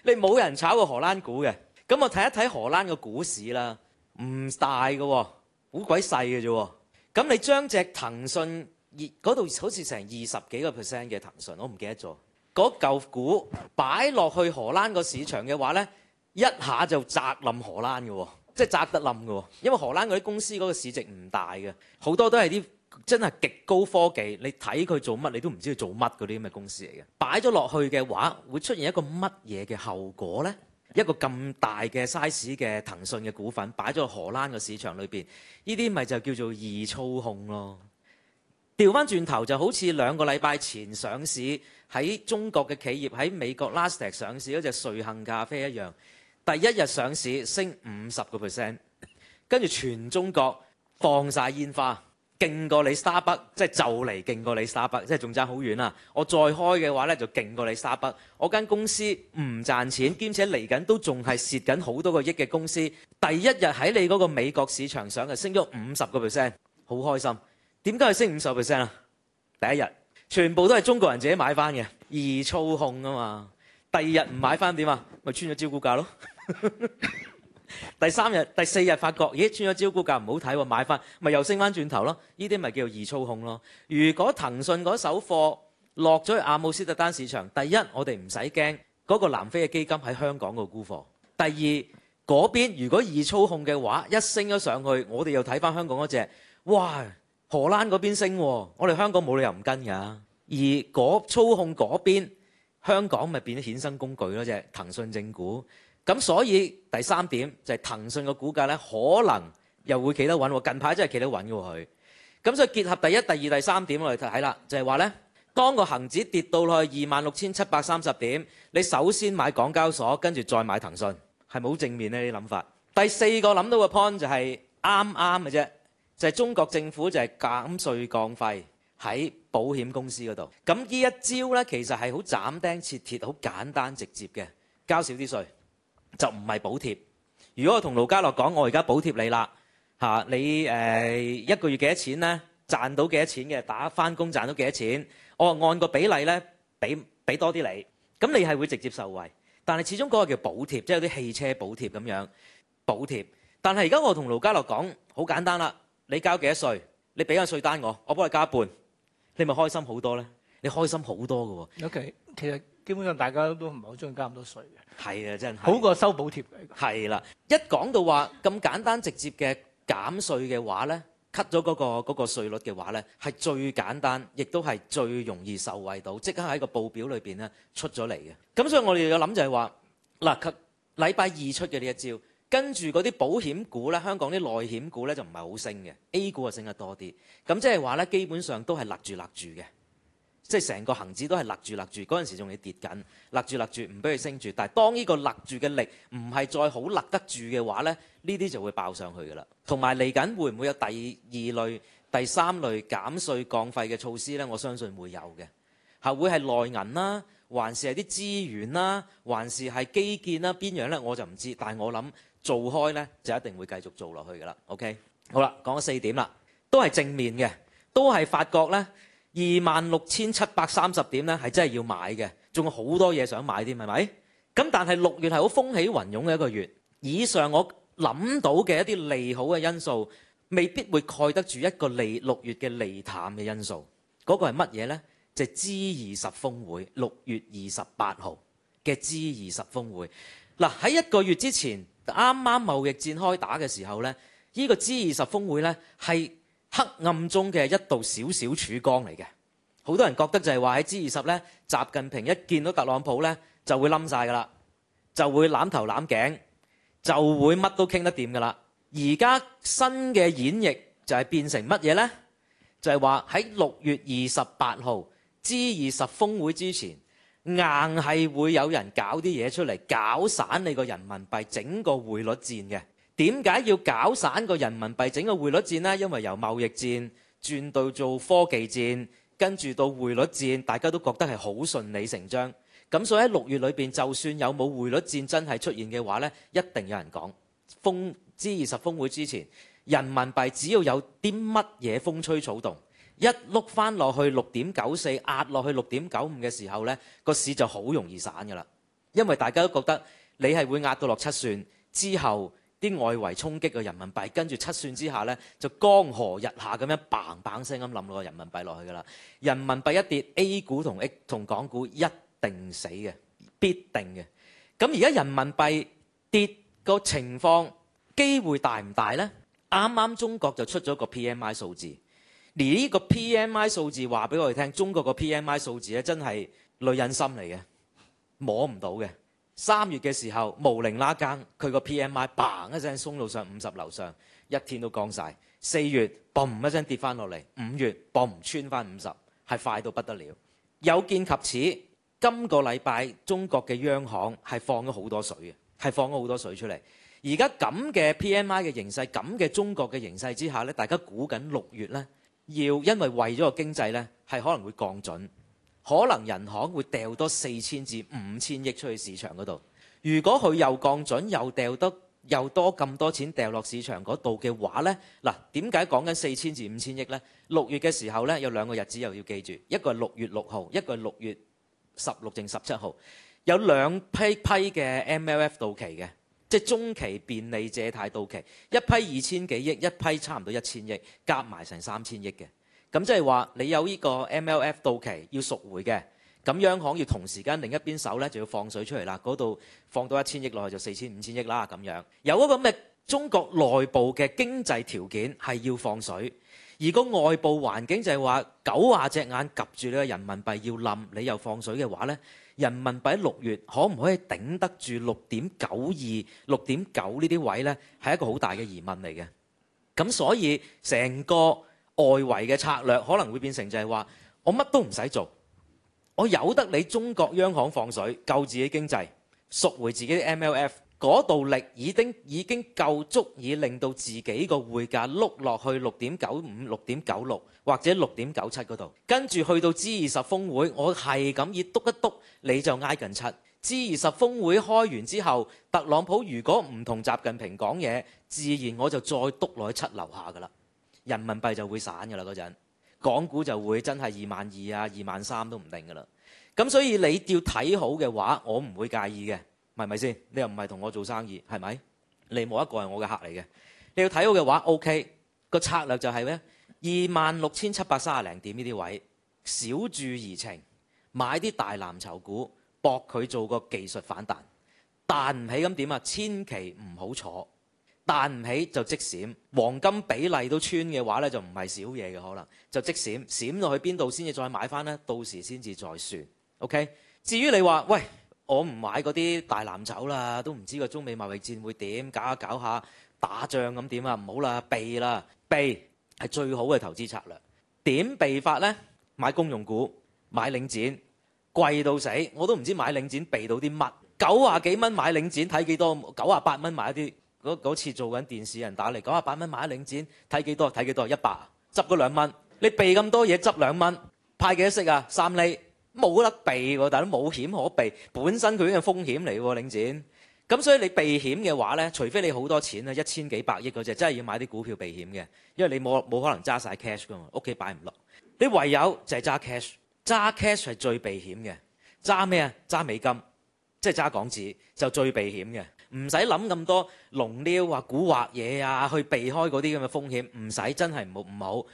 Speaker 3: 你冇人炒過荷蘭股嘅，咁我睇一睇荷蘭嘅股市啦，唔大嘅，好鬼細嘅啫。咁你將隻騰訊嗰度好似成二十幾個 percent 嘅騰訊，我唔記得咗，嗰嚿股擺落去荷蘭個市場嘅話呢，一下就砸冧荷蘭嘅，即係砸得冧嘅，因為荷蘭嗰啲公司嗰個市值唔大嘅，好多都係啲。真係極高科技，你睇佢做乜，你都唔知佢做乜嗰啲咁嘅公司嚟嘅。擺咗落去嘅話，會出現一個乜嘢嘅後果呢？一個咁大嘅 size 嘅騰訊嘅股份擺咗喺荷蘭嘅市場裏面，呢啲咪就叫做易操控咯。調翻轉頭就好似兩個禮拜前上市喺中國嘅企業喺美國 Lastek 上市嗰隻瑞幸咖啡一樣，第一日上市升五十個 percent，跟住全中國放晒煙花。勁過你 Starbucks，即係就嚟勁過你 Starbucks，即係仲爭好遠啊！我再開嘅話呢，就勁過你 Starbucks。我間公司唔賺錢，兼且嚟緊都仲係蝕緊好多個億嘅公司。第一日喺你嗰個美國市場上嘅升咗五十個 percent，好開心。點解佢升五十 percent 啊？第一日全部都係中國人自己買翻嘅，易操控啊嘛。第二日唔買翻點啊？咪穿咗招股價咯。 第三日、第四日，發覺，咦、哎，穿咗招架，股價唔好睇喎，買翻咪又升翻轉頭咯。呢啲咪叫易操控咯。如果騰訊嗰手貨落咗去阿姆斯特丹市場，第一我哋唔使驚，嗰、那個南非嘅基金喺香港個沽貨。第二嗰邊如果易操控嘅話，一升咗上去，我哋又睇翻香港嗰隻，哇，荷蘭嗰邊升，我哋香港冇理由唔跟㗎。而嗰操控嗰邊，香港咪變咗衍生工具咯，即係騰訊正股。咁所以第三點就係、是、騰訊嘅股價呢，可能又會企得穩喎。近排真係企得穩喎佢。咁所以結合第一、第二、第三點嚟睇啦，就係話呢，當個恆指跌到去二萬六千七百三十點，你首先買港交所，跟住再買騰訊，係咪好正面呢啲諗法。第四個諗到嘅 point 就係啱啱嘅啫，就係、是、中國政府就係減稅降費喺保險公司嗰度。咁呢一招呢，其實係好斬釘截鐵、好簡單直接嘅，交少啲稅。就唔係補貼。如果我同羅家聰講，我而家補貼你啦，嚇你誒、呃、一個月幾多錢呢？賺到幾多錢嘅打返工賺到幾多錢？我按個比例呢，俾俾多啲你。咁你係會直接受惠，但係始終嗰個叫補貼，即係有啲汽車補貼咁樣補貼。但係而家我同羅家聰講，好簡單啦，你交幾多稅？你俾個稅單我，我幫你交一半，你咪開心好多呢？你開心好多㗎喎。OK，其
Speaker 1: 實。基本上大家都唔係好中意加咁多稅
Speaker 3: 嘅，係啊，真係好過收補貼嘅。係啦，一講到話咁簡單直接嘅減稅嘅話呢 cut 咗嗰個嗰個稅率嘅話呢係最簡單，亦都係最容易受惠到，即刻喺個報表裏面呢出咗嚟嘅。咁所以我哋有諗就係話，嗱，禮拜二出嘅呢一招，跟住嗰啲保險股呢，香港啲內險股呢就唔係好升嘅，A 股啊，升得多啲。咁即係話呢基本上都係勒住勒住嘅。即係成個恆指都係勒住勒住，嗰陣時仲要跌緊，勒住勒住唔俾佢升住。但係當呢個勒住嘅力唔係再好勒得住嘅話咧，呢啲就會爆上去㗎啦。同埋嚟緊會唔會有第二類、第三類減稅降費嘅措施咧？我相信會有嘅，係會係內銀啦，還是係啲資源啦，還是係基建啦？邊樣咧我就唔知，但係我諗做開咧就一定會繼續做落去㗎啦。OK，好啦，講咗四點啦，都係正面嘅，都係發覺咧。二萬六千七百三十點咧，係真係要買嘅，仲有好多嘢想買添，係咪？咁但係六月係好風起雲湧嘅一個月，以上我諗到嘅一啲利好嘅因素，未必會蓋得住一個利六月嘅利淡嘅因素。嗰個係乜嘢呢？就係 G 二十峰會，六月二十八號嘅 G 二十峰會。嗱喺一個月之前，啱啱貿易戰開打嘅時候呢，呢個 G 二十峰會呢係黑暗中嘅一道小小曙光嚟嘅，好多人覺得就係話喺 G 二十咧，習近平一見到特朗普咧就會冧晒噶啦，就會攬頭攬頸，就會乜都傾得掂噶啦。而家新嘅演繹就係變成乜嘢呢？就係話喺六月二十八號 G 二十峰會之前，硬係會有人搞啲嘢出嚟搞散你個人民幣整個匯率戰嘅。點解要搞散個人民幣整個匯率戰呢？因為由貿易戰轉到做科技戰，跟住到匯率戰，大家都覺得係好順理成章咁。所以喺六月裏面就算有冇匯率戰真係出現嘅話呢一定有人講峰之二十峰會之前，人民幣只要有啲乜嘢風吹草動，一碌翻落去六點九四壓落去六點九五嘅時候呢個市就好容易散噶啦，因為大家都覺得你係會壓到落七算之後。啲外圍衝擊嘅人民幣，跟住七算之下呢，就江河日下咁樣棒棒聲咁冧落個人民幣落去㗎啦。人民幣一跌，A 股同 A 同港股一定死嘅，必定嘅。咁而家人民幣跌個情況機會大唔大呢？啱啱中國就出咗個 PMI 數字，而呢個 PMI 數字話俾我哋聽，中國個 PMI 數字咧真係女人心嚟嘅，摸唔到嘅。三月嘅時候無零拉更，佢個 PMI 嘭一聲鬆到上五十樓上，一天都光晒。四月嘭一聲跌翻落嚟，五月嘭穿翻五十，係快到不得了。有見及此，今個禮拜中國嘅央行係放咗好多水，係放咗好多水出嚟。而家咁嘅 PMI 嘅形勢，咁嘅中國嘅形勢之下呢，大家估緊六月呢，要因為為咗個經濟呢，係可能會降準。可能人行會掉多四千至五千億出去市場嗰度。如果佢又降準又掉得又多咁多錢掉落市場嗰度嘅話呢，嗱，點解講緊四千至五千億呢？六月嘅時候呢，有兩個日子又要記住，一個係六月六號，一個係六月十六正十七號，有兩批批嘅 MLF 到期嘅，即係中期便利借貸到期，一批二千幾億，一批差唔多一千億，夾埋成三千億嘅。咁即係話你有呢個 MLF 到期要贖回嘅，咁央行要同時間另一邊手咧，就要放水出嚟啦，嗰度放到一千億落去就四千五千億啦咁樣。有一個咁嘅中國內部嘅經濟條件係要放水，而個外部環境就係話九啊隻眼夾住你嘅人民幣要冧，你又放水嘅話咧，人民幣六月可唔可以頂得住六點九二、六點九呢啲位咧？係一個好大嘅疑問嚟嘅。咁所以成個。外圍嘅策略可能會變成就係話，我乜都唔使做，我由得你中國央行放水救自己經濟，贖回自己嘅 MLF 嗰度力已經已經夠足以令到自己個匯價碌落去六點九五、六點九六或者六點九七嗰度，跟住去到 G 二十峰會，我係咁以篤一篤你就挨近七。G 二十峰會開完之後，特朗普如果唔同習近平講嘢，自然我就再督落去七樓下㗎啦。人民幣就會散嘅啦，嗰陣港股就會真係二萬二啊，二萬三都唔定嘅啦。咁所以你要睇好嘅話，我唔會介意嘅，係咪先？你又唔係同我做生意，係咪？你冇一個係我嘅客嚟嘅。你要睇好嘅話，OK。個策略就係咩？二萬六千七百三十零點呢啲位，小注怡情買啲大藍籌股，博佢做個技術反彈。彈唔起咁點啊？千祈唔好坐。彈唔起就即閃，黃金比例都穿嘅話呢，就唔係少嘢嘅。可能就即閃，閃落去邊度先至再買翻呢？到時先至再算。OK。至於你話喂，我唔買嗰啲大藍籌啦，都唔知個中美貿易戰會點搞下搞下打仗咁點啊？唔好啦，避啦，避係最好嘅投資策略。點避法呢？買公用股，買領展貴到死，我都唔知買領展避到啲乜九啊，幾蚊買領展睇幾多九啊，八蚊買一啲。嗰次做緊電視人打嚟九啊八蚊買一領展，睇幾多睇幾多一百執嗰兩蚊你避咁多嘢執兩蚊派幾多息啊三厘冇得避喎，但都冇險可避，本身佢已經係風險嚟喎領展。咁所以你避險嘅話咧，除非你好多錢啦，一千幾百億嗰隻，真係要買啲股票避險嘅，因為你冇冇可能揸晒 cash 噶嘛，屋企擺唔落。你唯有就係揸 cash，揸 cash 係最避險嘅。揸咩啊？揸美金，即係揸港紙，就最避險嘅。唔使諗咁多，龍撩或古惑嘢啊，去避開嗰啲咁嘅風險，唔使真係唔好唔好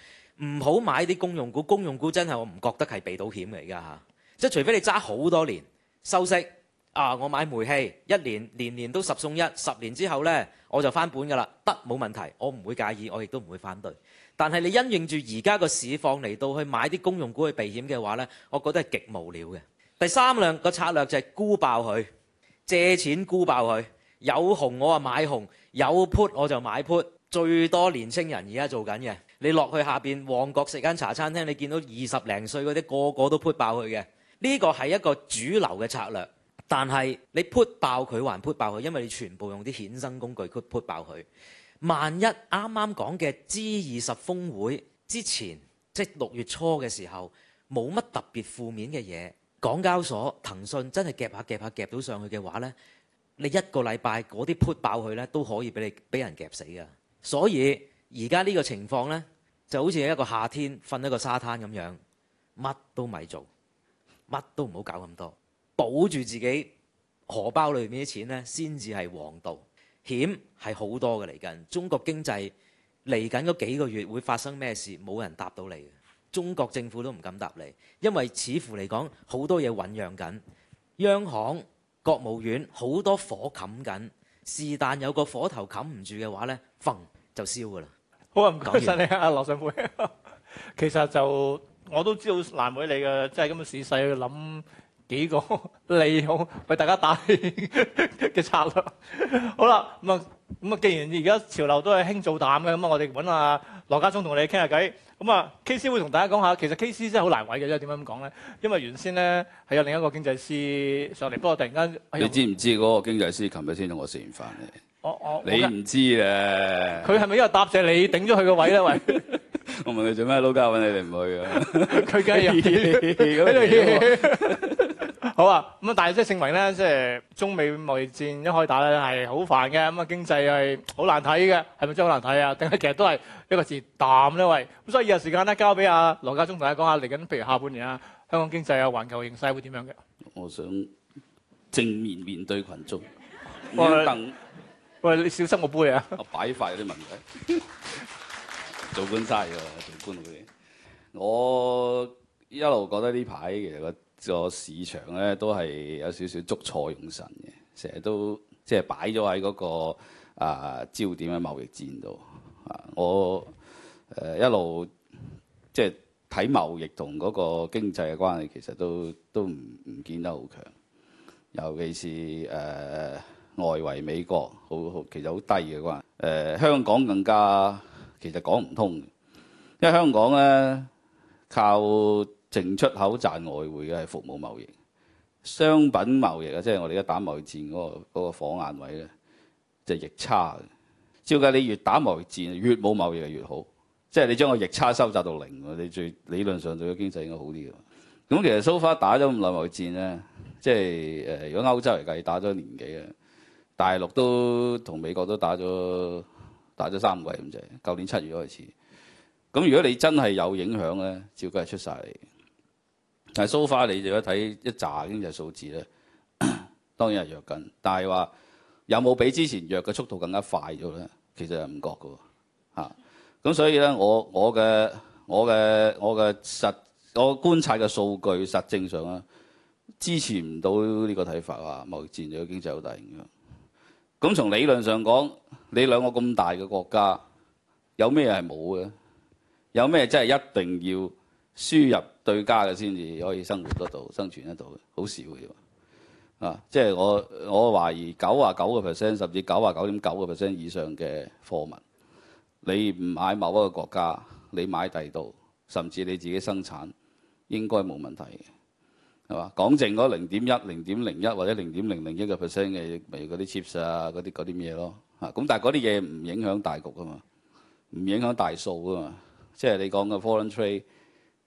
Speaker 3: 唔好買啲公用股。公用股真係我唔覺得係避到險嚟噶嚇，即係除非你揸好多年收息啊，我買煤氣一年年年都十送一，十年之後咧我就翻本㗎啦，得冇問題，我唔會介意，我亦都唔會反對。但係你因應住而家個市況嚟到去買啲公用股去避險嘅話咧，我覺得係極無聊嘅。第三樣個策略就係沽爆佢，借錢沽爆佢。有紅我話買紅，有 put 我就買 put，最多年青人而家做緊嘅。你落去下邊旺角食間茶餐廳，你見到二十零歲嗰啲個個都 put 爆佢嘅，呢個係一個主流嘅策略。但係你 put 爆佢還 put 爆佢，因為你全部用啲衍生工具 put 爆佢。萬一啱啱講嘅 G 二十峰會之前，即六月初嘅時候冇乜特別負面嘅嘢，港交所、騰訊真係夾下夾下夾到上去嘅話呢。你一個禮拜嗰啲 put 爆佢呢，都可以俾你俾人夾死㗎。所以而家呢個情況呢，就好似一個夏天瞓喺個沙灘咁樣，乜都咪做，乜都唔好搞咁多，保住自己荷包裏面啲錢呢，先至係王道。險係好多嘅嚟緊，中國經濟嚟緊嗰幾個月會發生咩事，冇人答到你嘅。中國政府都唔敢答你，因為似乎嚟講好多嘢醖釀緊，央行。國務院好多火冚緊，是但有個火頭冚唔住嘅話咧，砰就燒㗎啦。好啊，唔該曬你啊，阿
Speaker 1: 羅尚沛。其實就我都知道難為你嘅，即係今日市勢去諗幾個利好，為大家打氣嘅策略。好啦，咁啊，咁啊，既然而家潮流都係興做淡嘅，咁啊，我哋搵阿羅家聰同你傾下偈。咁啊，K C 會同大家講下，其實 K C 真係好難位嘅，因為點解咁講咧？因為原先咧係有另一個經濟師上嚟，不過突然間，你知
Speaker 4: 唔知嗰個經濟師琴日先同我食完飯咧？
Speaker 1: 我我你唔知啊，佢係咪因為答謝你頂咗佢個位咧？喂， 我問你做咩？撈膠揾你哋唔去啊？佢梗係，喺好啊，咁啊，但係即係證明咧，即係中美貿易戰一開打咧係好煩嘅，咁啊經濟係好難睇嘅，係咪真係好難睇啊？定係其實都係一個字淡呢？喂！咁所以有時間咧交俾阿羅家聰同大家講下嚟緊，譬如下半年啊，香港經濟啊，環球形勢會點樣嘅？我
Speaker 4: 想正面面對群眾。喂、哎，
Speaker 1: 喂、哎，你小心
Speaker 4: 我杯啊！擺快啲問題。 做官晒㗎，做官嗰啲。我一路覺得呢排其實個。個市場咧都係有少少捉錯用神嘅，成日都即係擺咗喺嗰個啊焦點喺貿易戰度啊！我誒一路即係睇貿易同嗰個經濟嘅關係，其實都都唔唔見得好強。尤其是誒、呃、外圍美國好好，其實好低嘅關係。誒、呃、香港更加其實講唔通，因為香港咧靠。淨出口賺外匯嘅係服務貿易，商品貿易啊，即係我哋而家打貿易戰嗰個火眼位咧，就係逆差。照計你越打貿易戰，越冇貿易係越好，即係你將個逆差收窄到零，你最理論上對個經濟應該好啲。咁其實蘇花打咗咁耐貿易戰咧，即係誒，如果歐洲嚟計打咗年幾啊，大陸都同美國都打咗打咗三季咁滯，就係舊年七月開始。咁如果你真係有影響咧，照計係出晒嚟。但係 so far 你就一睇一紮經濟數字咧，當然係弱緊，但係話有冇比之前弱嘅速度更加快咗咧？其實係唔覺嘅喎，吓，咁所以咧，我我嘅我嘅我嘅實我觀察嘅數據實證上咧，支持唔到呢個睇法話貿易戰就經濟好大影響。咁從理論上講，你兩個咁大嘅國家，有咩係冇嘅？有咩真係一定要輸入？對家嘅先至可以生活得到、生存得到，好少嘅。啊，即係我我懷疑九啊九個 percent，甚至九啊九點九個 percent 以上嘅貨物，你唔買某一個國家，你買第二度，甚至你自己生產，應該冇問題嘅，係嘛？講剩嗰零點一、零點零一或者零點零零一個 percent 嘅，咪嗰啲 chips 啊，嗰啲嗰啲咩咯？嚇，咁但係嗰啲嘢唔影響大局啊嘛，唔影響大數啊嘛，即係你講嘅 foreign trade。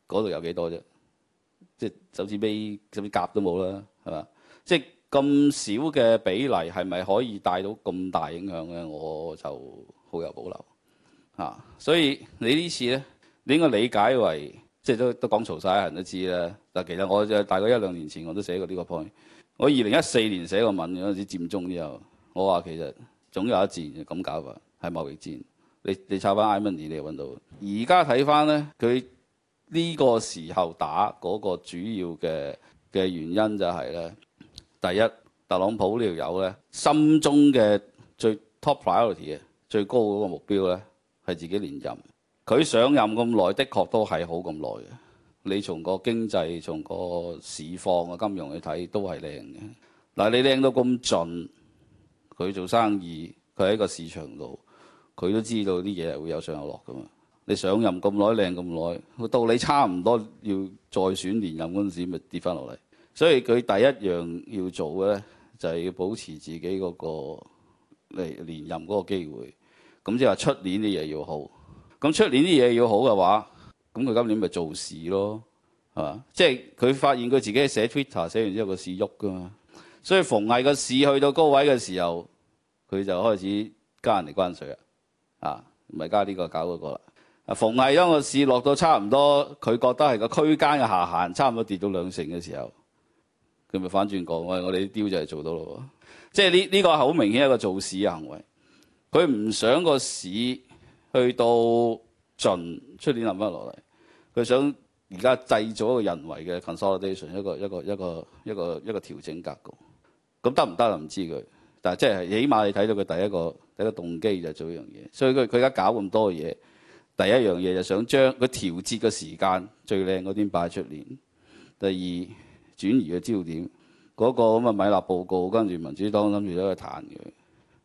Speaker 4: 嗰度有幾多啫？即係手指尾、手指甲都冇啦，係嘛？即係咁少嘅比例，係咪可以帶到咁大影響咧？我就好有保留嚇、啊。所以你次呢次咧，你應該理解為即係都都講嘈晒人都知啦。嗱，其實我就大概一兩年前我都寫過呢個 point。我二零一四年寫個文嗰陣時佔中之後，我話其實總有一戰係咁搞㗎，係貿易戰。你你抄翻 iMoney，你又揾到。而家睇翻咧，佢。呢、這個時候打嗰、那個主要嘅嘅原因就係、是、呢。第一，特朗普呢條友呢，心中嘅最 top priority 嘅最高嗰個目標呢係自己連任。佢上任咁耐，的確都係好咁耐嘅。你從個經濟、從個市況啊、金融去睇都係靚嘅。嗱，你靚到咁盡，佢做生意，佢喺個市場度，佢都知道啲嘢係會有上有落㗎嘛。你上任咁耐，靚咁耐，到你差唔多要再選連任嗰陣時，咪跌翻落嚟。所以佢第一樣要做嘅咧，就係、是、要保持自己嗰個嚟連任嗰個機會。咁即係話出年啲嘢要好，咁出年啲嘢要好嘅話，咁佢今年咪做事咯，係嘛？即係佢發現佢自己寫 Twitter 寫完之後個市喐噶嘛，所以逢係個市去到高位嘅時候，佢就開始加人哋關稅啦，啊，咪加呢、這個搞嗰個啦。啊，逢係當個市落到差唔多，佢覺得係個區間嘅下限，差唔多跌到兩成嘅時候，佢咪反轉講喂，我哋啲雕就係做到咯，即係呢呢個係好明顯一個做市嘅行為。佢唔想個市去到盡出年諗甩落嚟，佢想而家製造一個人為嘅 consolidation，一個一個一個一個一個,一個調整格局。咁得唔得唔知佢，但係即係起碼你睇到佢第一個第一個動機就做呢樣嘢，所以佢佢而家搞咁多嘢。第一樣嘢就想將個調節嘅時間最靚嗰啲擺出嚟。第二轉移嘅焦點，嗰、那個咁嘅米納報告，跟住民主黨諗住都去彈佢，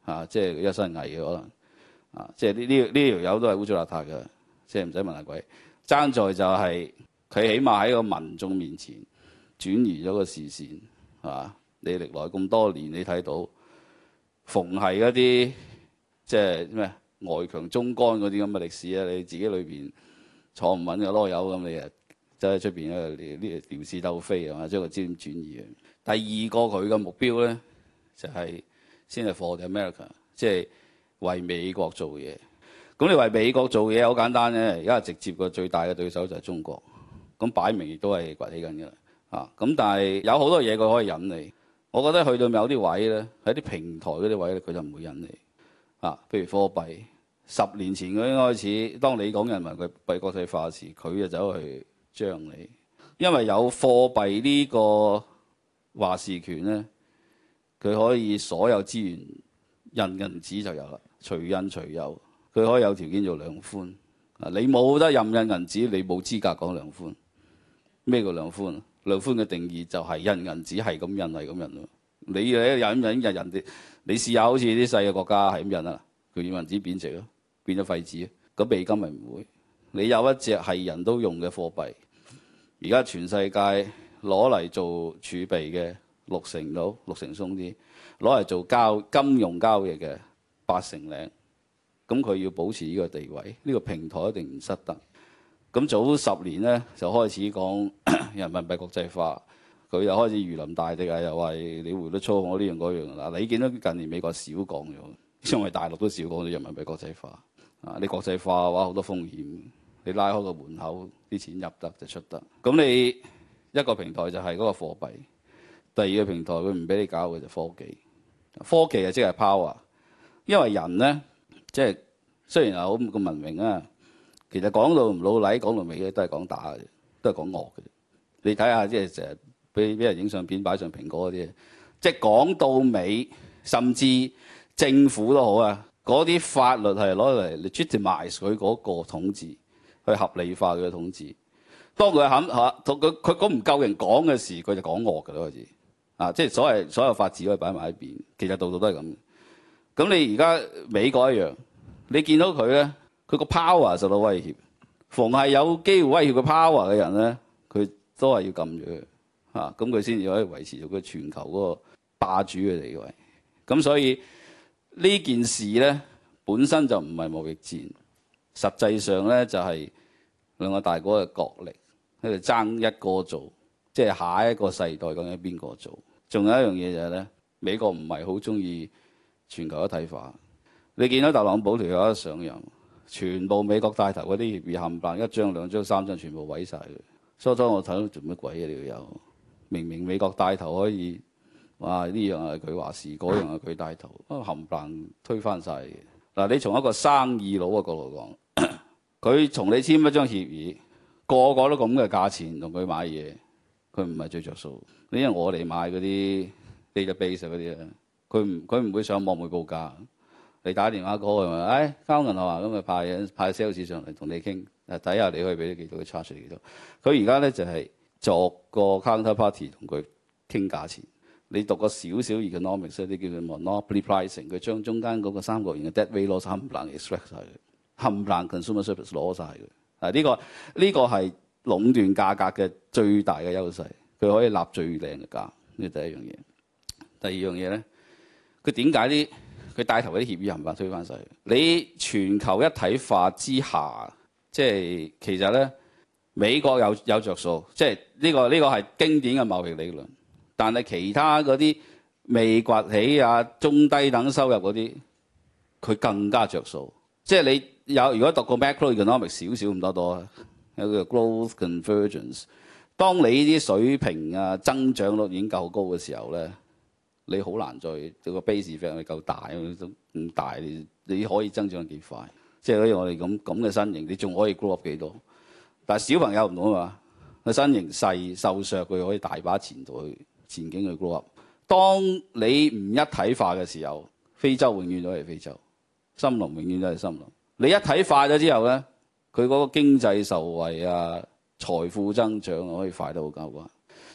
Speaker 4: 嚇、啊、即係一身危嘅可能，嚇、即係呢呢呢條友都係污糟邋遢嘅，即係唔使問阿鬼。爭在就係佢起碼喺個民眾面前轉移咗個視線，係、啊、你歷來咁多年你睇到，逢係一啲即係咩，什麼外強中乾嗰啲咁嘅歷史啊，你自己裏邊坐唔穩個蘿柚咁，你啊走喺出邊咧，呢啲調是鬥非係嘛，將個戰轉移。第二個佢嘅目標咧，就係、是、先係 for America，即係為美國做嘢。咁你話為美國做嘢好簡單嘅，而家係直接嘅最大嘅對手就係中國。咁擺明亦都係崛起緊嘅，啊咁。但係有好多嘢佢可以引你。我覺得去到某啲位咧，喺啲平台嗰啲位咧，佢就唔會引你。啊，譬如貨幣。十年前佢開始，當你講人民幣幣國際化時，佢就走去將你，因為有貨幣呢個話事權咧，佢可以所有資源印銀紙就有啦，隨印隨有。佢可以有條件做量寬，啊，你冇得印印銀紙，你冇資格講量寬。咩叫量寬？量寬嘅定義就係、是、印銀紙係咁印係咁印咯。你又印印印人哋，你試下好似啲細嘅國家係咁印啊，佢要銀紙貶值咯。變咗廢紙啊！咁備金咪唔會？你有一隻係人都用嘅貨幣，而家全世界攞嚟做儲備嘅六成到，六成鬆啲；攞嚟做交金融交易嘅八成零。咁佢要保持呢個地位，呢個平台一定唔失得。咁早十年呢，就開始講人民幣國際化，佢又開始如臨大敵啊！又話你回得初，我呢樣嗰樣。你見到近年美國少講咗，因為大陸都少講咗人民幣國際化。啊！你國際化嘅話好多風險，你拉開個門口，啲錢入得就出得。咁你一個平台就係嗰個貨幣，第二個平台佢唔俾你搞嘅就科技。科技啊，即係 power，因為人咧即係雖然啊好咁文明啊，其實講到唔老禮，講到尾都係講打嘅，都係講惡嘅。你睇下即係成日俾俾人影相片擺上蘋果嗰啲，即係講到尾，甚至政府都好啊。嗰啲法律係攞嚟 legitimise 佢嗰個統治，去合理化佢嘅統治。當佢肯嚇，佢佢佢唔夠人講嘅事，佢就講惡㗎喇開始。啊，即係所謂所有法治都係擺埋一邊，其實度度都係咁。咁你而家美國一樣，你見到佢咧，佢個 power 受到威脅，逢係有機會威脅佢 power 嘅人咧，佢都係要撳住佢。啊，咁佢先至可以維持住佢全球嗰個霸主嘅地位。咁所以，呢件事呢本身就唔係貿易戰，實際上呢就係兩個大哥嘅角力，喺度爭一個做，即係下一個世代究竟邊個做？仲有一樣嘢就係呢，美國唔係好中意全球一體化。你見到特朗普條友一上任，全部美國帶頭嗰啲協議冚唪唥一張兩張三張全部毀晒嘅。初初我睇到做乜鬼嘢嚟又？明明美國帶頭可以。哇！呢樣係佢話事，嗰樣係佢帶頭，都冚唪唥推翻晒嘅。嗱，你從一個生意佬嘅角度講，佢同你簽一張協議，個個都咁嘅價錢同佢買嘢，佢唔係最著數。因為我哋買嗰啲地嘅 base 嗰啲咧，佢唔佢唔會上網去報價。你打電話過去，咪誒交銀咁咪派嘢派 sales 上嚟同你傾，誒睇下你可以俾幾多嘅差水幾多。佢而家咧就係作個 counter party 同佢傾價錢。你讀過少少 economics，啲叫做 monopoly pricing 佢將中間嗰個三角形嘅 deadweight loss 冚唪唥 extract 曬，冚唪唥 consumer surplus 攞晒㗎。啊，呢個呢個係壟斷價格嘅最大嘅優勢，佢可以立最靚嘅價。呢第一樣嘢，第二樣嘢咧，佢點解啲佢帶頭嗰啲協議唔肯推翻晒？你全球一體化之下，即係其實咧，美國有有着數，即係呢個呢個係經典嘅貿易理論。但係其他嗰啲未崛起啊、中低等收入嗰啲，佢更加着數。即係你有如果讀過 macro economics 少少咁多多啊，有個 growth convergence。當你啲水平啊增長率已經夠高嘅時候咧，你好難再、這個 base 非常夠大因為都咁大你，你可以增長得幾快。即係好似我哋咁咁嘅身形，你仲可以 grow up 幾多？但係小朋友唔同啊嘛，個身形細瘦削，佢可以大把前途去。前景去 grow up。當你唔一體化嘅時候，非洲永遠都係非洲，森林永遠都係森林。你一體化咗之後呢，佢嗰個經濟受惠啊、財富增長可以快到好交關。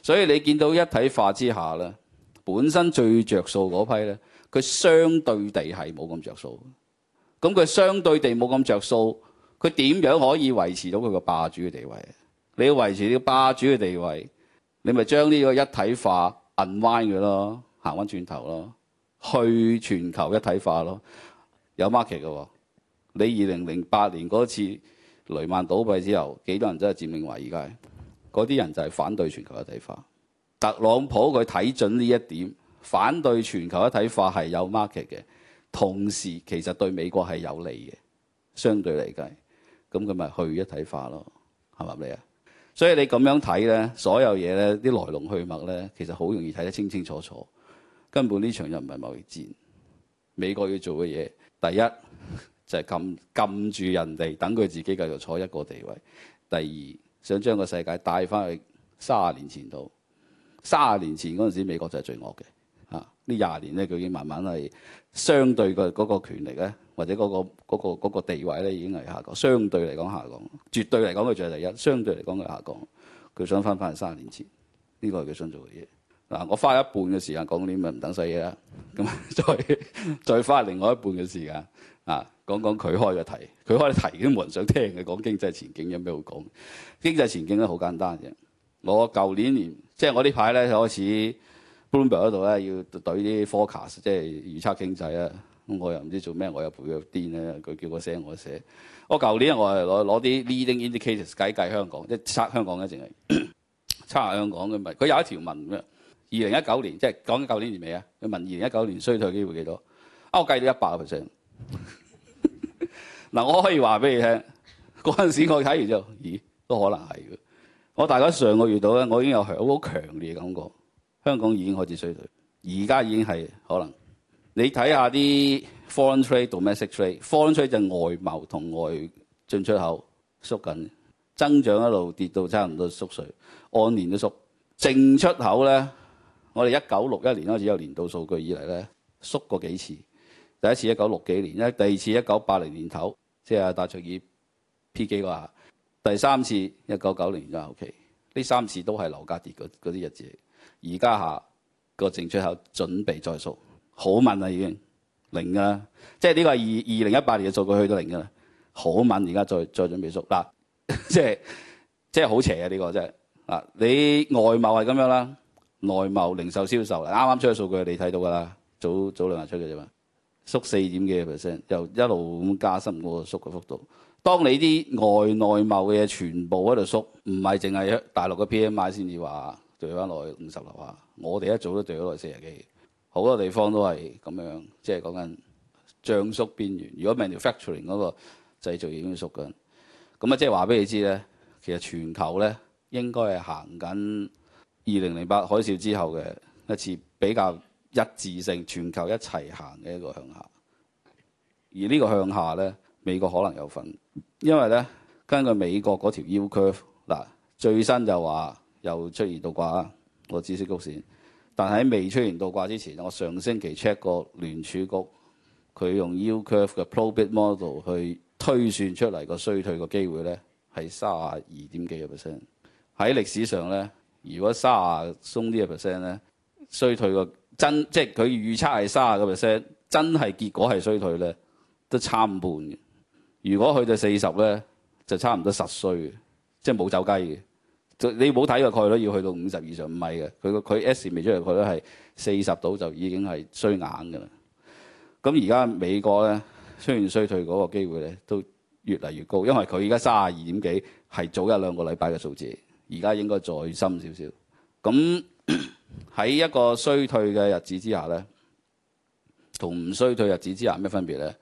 Speaker 4: 所以你見到一體化之下呢，本身最着數嗰批呢，佢相對地係冇咁着數。咁佢相對地冇咁着數，佢點樣可以維持到佢個霸主嘅地位？你要維持呢個霸主嘅地位。你咪將呢個一體化 unwind 佢咯，行返轉頭咯，去全球一體化咯，有 market 嘅喎。你二零零八年嗰次雷曼倒閉之後，幾多人真係佔領華爾街，而家嗰啲人就係反對全球一體化。特朗普佢睇準呢一點，反對全球一體化係有 market 嘅，同時其實對美國係有利嘅，相對嚟計。咁佢咪去一體化咯？係咪你啊？所以你咁樣睇咧，所有嘢咧，啲來龍去脈咧，其實好容易睇得清清楚楚。根本呢場又唔係貿易戰，美國要做嘅嘢，第一就係禁禁住人哋，等佢自己繼續坐一個地位；第二想將個世界帶翻去三十年前度。三十年前嗰陣時，美國就係最惡嘅。啊！呢廿年咧，佢已經慢慢係相對嘅嗰個權力咧，或者嗰、嗰個嗰、嗰個嗰個嗰個地位咧，已經係下降。相對嚟講下降，絕對嚟講佢就係第一。相對嚟講佢下降，佢想翻返去三十年前，呢、呢個係佢想做嘅嘢。嗱，我花一半嘅時間講呢咪唔等曬嘢啦。咁啊，再再花另外一半嘅時間啊，講講佢開嘅題。佢開嘅題冇人想聽嘅，講經濟前景有咩好講？經濟前景咧好簡單嘅，我舊年年即係我呢排咧開始。Bloomberg 嗰度咧要對啲 forecast，即係預測經濟啊！我又唔知做咩，我又陪佢癲咧。佢叫我寫，我寫。我舊年我係攞攞啲 leading indicators 計計香港，即係測香港咧，淨係測下香港咁咪。佢有一條文咁，二零一九年即係講緊舊年年尾啊，佢問二零一九年衰退機會幾多？啊，我計到一百個 percent。嗱， 我可以話俾你聽，嗰陣時我睇完之後，咦，都可能係嘅。我大概上個月度咧，我已經有好強烈嘅感覺。香港已經開始衰退，而家已經係，可能你睇下啲 foreign trade domestic trade foreign trade，就外貿同外進出口，縮緊，增長一路跌到差唔多縮水，按年都縮淨出口咧。我哋一九六一年開始有年度數據以嚟咧，縮過幾次。第一次一九六幾年咧，第二次1980、就是、一九八零年頭，即係阿戴卓爾 P G 話，第三次一九九零年後期。呢三次都係樓價跌嗰啲日子嚟而家下個淨出口準備再縮，好猛啊，已經零啊，即係呢個二二零一八年嘅數據去到零㗎啦，好猛而家再再準備縮嗱， 即係即係好邪啊呢、呢個真係啊，你外貿係咁樣啦，內貿零售銷售啱啱出嘅數據你睇到㗎啦，早早兩日出嘅啫嘛，縮四點幾 percent，又一路咁加深個縮嘅幅度。當你啲外內貿嘅嘢全部喺度縮，唔係淨係大陸嘅 PMI 先至話。對翻落去五十樓啊！我哋一早都對咗落去四廿幾，好多地方都係咁樣，即係講緊漲縮邊緣。如果 manufacturing 嗰個製造已經縮緊，咁啊，即係話俾你知咧，其實全球咧應該係行緊二零零八海嘯之後嘅一次比較一致性、全球一齊行嘅一個向下。而呢個向下咧，美國可能有份，因為咧根據美國嗰條 U curve 嗱，最新就話。又出現倒掛啊！個紫色曲線，但喺未出現倒掛之前，我上星期 check 過聯儲局，佢用 U curve 嘅 probit model 去推算出嚟個衰退嘅機會咧，係三十二點幾 percent。喺歷史上咧，如果三十鬆啲嘅 percent 咧，衰退個真，即係佢預測係三十個 percent，真係結果係衰退咧，都差唔半嘅。如果去到四十咧，就差唔多十衰嘅，即係冇走雞嘅。你冇睇個概率要去到五十以上，唔係嘅。佢個佢 S 未出嚟，概率係四十度就已經係衰硬㗎啦。咁而家美國咧，雖然衰退嗰個機會咧都越嚟越高，因為佢而家三十二點幾係早一兩個禮拜嘅數字，而家應該再深少少。咁喺一個衰退嘅日子之下咧，同唔衰退日子之下有咩分別咧？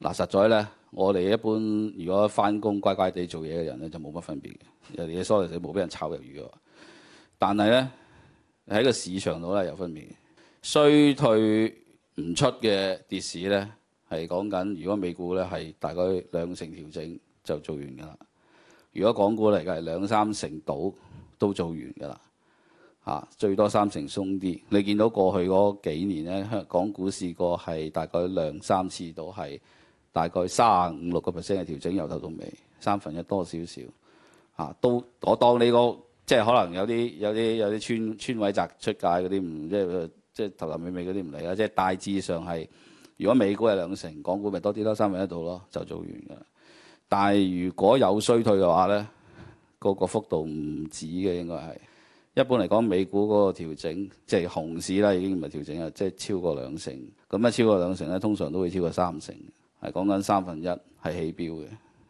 Speaker 4: 嗱，實在咧，我哋一般如果返工乖乖地做嘢嘅人咧，就冇乜分別嘅。有啲嘢 s o r 冇俾人炒入去嘅。但係咧，喺個市場度咧有分別，衰退唔出嘅跌市咧係講緊。如果美股咧係大概兩成調整就做完㗎啦。如果港股嚟嘅係兩三成到都做完㗎啦。嚇、啊、最多三成鬆啲。你見到過去嗰幾年咧，港股試過係大概兩三次到係大概三十五六個 percent 嘅調整，由頭到尾三分一多少少，啊！都我當你個即係可能有啲有啲有啲村村委宅出界嗰啲唔即係即係頭頭尾尾嗰啲唔理啦，即係大致上係如果美股係兩成，港股咪多啲咯三分一度咯就做完嘅。但係如果有衰退嘅話呢，個個幅度唔止嘅，應該係一般嚟講美股嗰個調整即係熊市啦，已經唔係調整啊，即係超過兩成咁啊，樣超過兩成咧通常都會超過三成，係講緊三分一係起標嘅，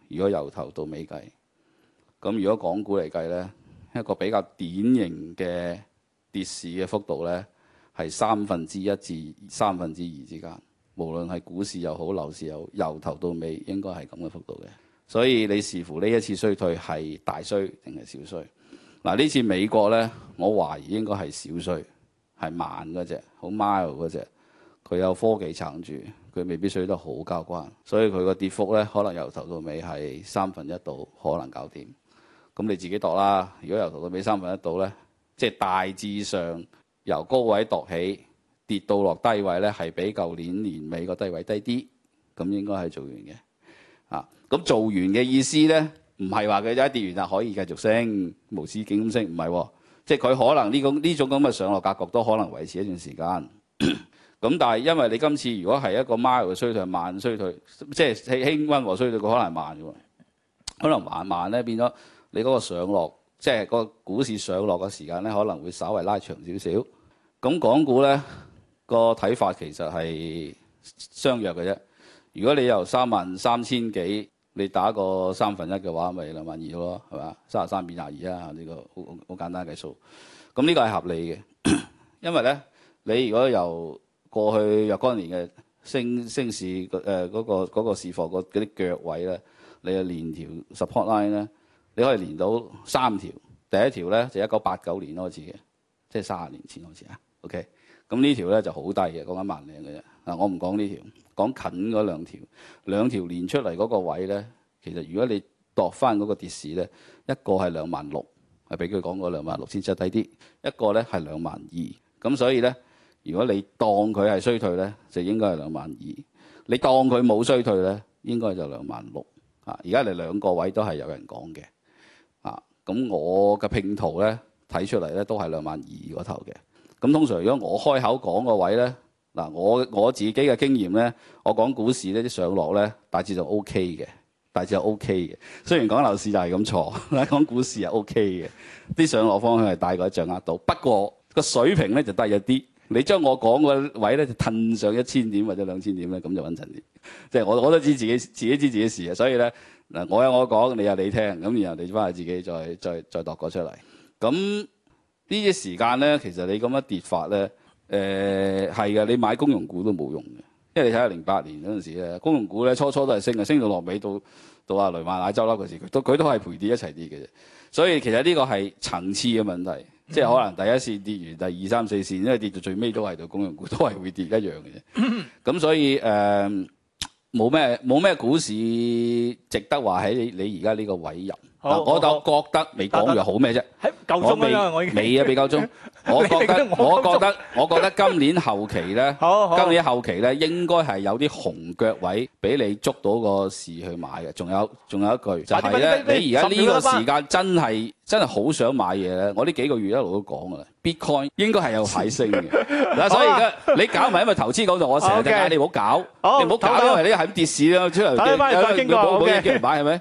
Speaker 4: 如果由頭到尾計。咁如果港股嚟計呢，一個比較典型嘅跌市嘅幅度呢，係三分之一至三分之二之間。無論係股市又好，樓市又好，由頭到尾應該係咁嘅幅度嘅。所以你視乎呢一次衰退係大衰定係小衰。嗱，呢次美國呢，我懷疑應該係小衰，係慢嗰隻，好 mild 嗰隻，佢有科技撐住，佢未必衰得好交關，所以佢個跌幅呢，可能由頭到尾係三分一度可能搞掂。咁你自己度啦。如果由頭到尾三分一度呢，即係大致上由高位度起，跌到落低位呢，係比舊年年尾個低位低啲。咁應該係做完嘅。啊，咁做完嘅意思呢，唔係話佢一跌完就可以繼續升，無止境咁升，唔係喎。即係佢可能呢個呢種咁嘅上落格局都可能維持一段時間。咁但係因為你今次如果係一個 mild 嘅衰退，慢衰退，即係輕温和衰退，佢可能慢嘅喎，可能慢慢呢變咗。你嗰個上落即係嗰個股市上落嘅時間咧，可能會稍為拉長少少。咁港股咧個睇法其實係相約嘅啫。如果你由三萬三千幾，你打個三分一嘅話，咪兩萬二咯，係嘛，三十三變廿二啦。呢個好好好簡單嘅數。咁呢個係合理嘅， 因為咧你如果由過去若干年嘅升升市呃嗰個嗰個市況嗰啲腳位咧，你嘅連條 support line 咧。你可以連到三條，第一條呢，就一九八九年開始嘅，即係三十年前開始啊。OK，咁呢條呢就好低嘅，講緊萬零嘅啫。嗱，我唔講呢條，講近嗰兩條，兩條連出嚟嗰個位呢，其實如果你度翻嗰個跌市呢，一個係兩萬六，係比佢講嗰兩萬六千七低啲，一個呢係兩萬二。咁所以呢，如果你當佢係衰退呢，就應該係兩萬二；你當佢冇衰退呢，應該就兩萬六。啊，而家你兩個位都係有人講嘅。咁我嘅拼圖咧，睇出嚟咧，都係兩萬二嗰頭嘅。咁通常如果我開口講個位咧，嗱我我自己嘅經驗咧，我講股市呢啲上落咧，大致就 O K 嘅，大致就 O K 嘅。雖然講樓市就係咁錯，講股市就 O K 嘅。啲上落方向係大概掌握到，不過個水平咧就低一啲。你將我講個位咧就騰上一千點或者兩千點咧，咁就穩陣啲。即係我我都知自己自己知自己事啊，所以咧。嗱，我有我講，你有你聽，咁然後你翻去自己再再再度個出嚟。咁呢啲時間咧，其實你咁樣跌法咧，誒係嘅，你買公用股都冇用嘅，因為你睇下零八年嗰陣時咧，公用股咧初初都係升嘅，升到落尾到到阿雷曼奶州啦嗰時，佢都佢都係陪跌一齊跌嘅啫。所以其實呢個係層次嘅問題，嗯、即係可能第一線跌完，第二三四線，因為跌到最尾都係到公用股，都係會跌一樣嘅啫。咁、嗯、所以誒。呃冇咩冇咩股市值得話喺你而家呢個位入。我就覺得你講嘅好咩啫？夠鐘啦，我已經未啊，比較鐘。我覺得，我覺得，我覺得今年後期咧，今年後期咧，應該係有啲紅腳位俾你捉到個市去買嘅。仲有，仲有一句就係、是、咧，你而家呢個時間真係真係好想買嘢咧。我呢幾個月一路都講噶啦，Bitcoin 應該係有起升嘅。嗱， 所以而家你搞埋因為投資講就我成日嗌你唔好搞、啊，你唔好搞，因為、啊、你係咁跌市
Speaker 1: 啦，出嚟有冇保險機器買係咪？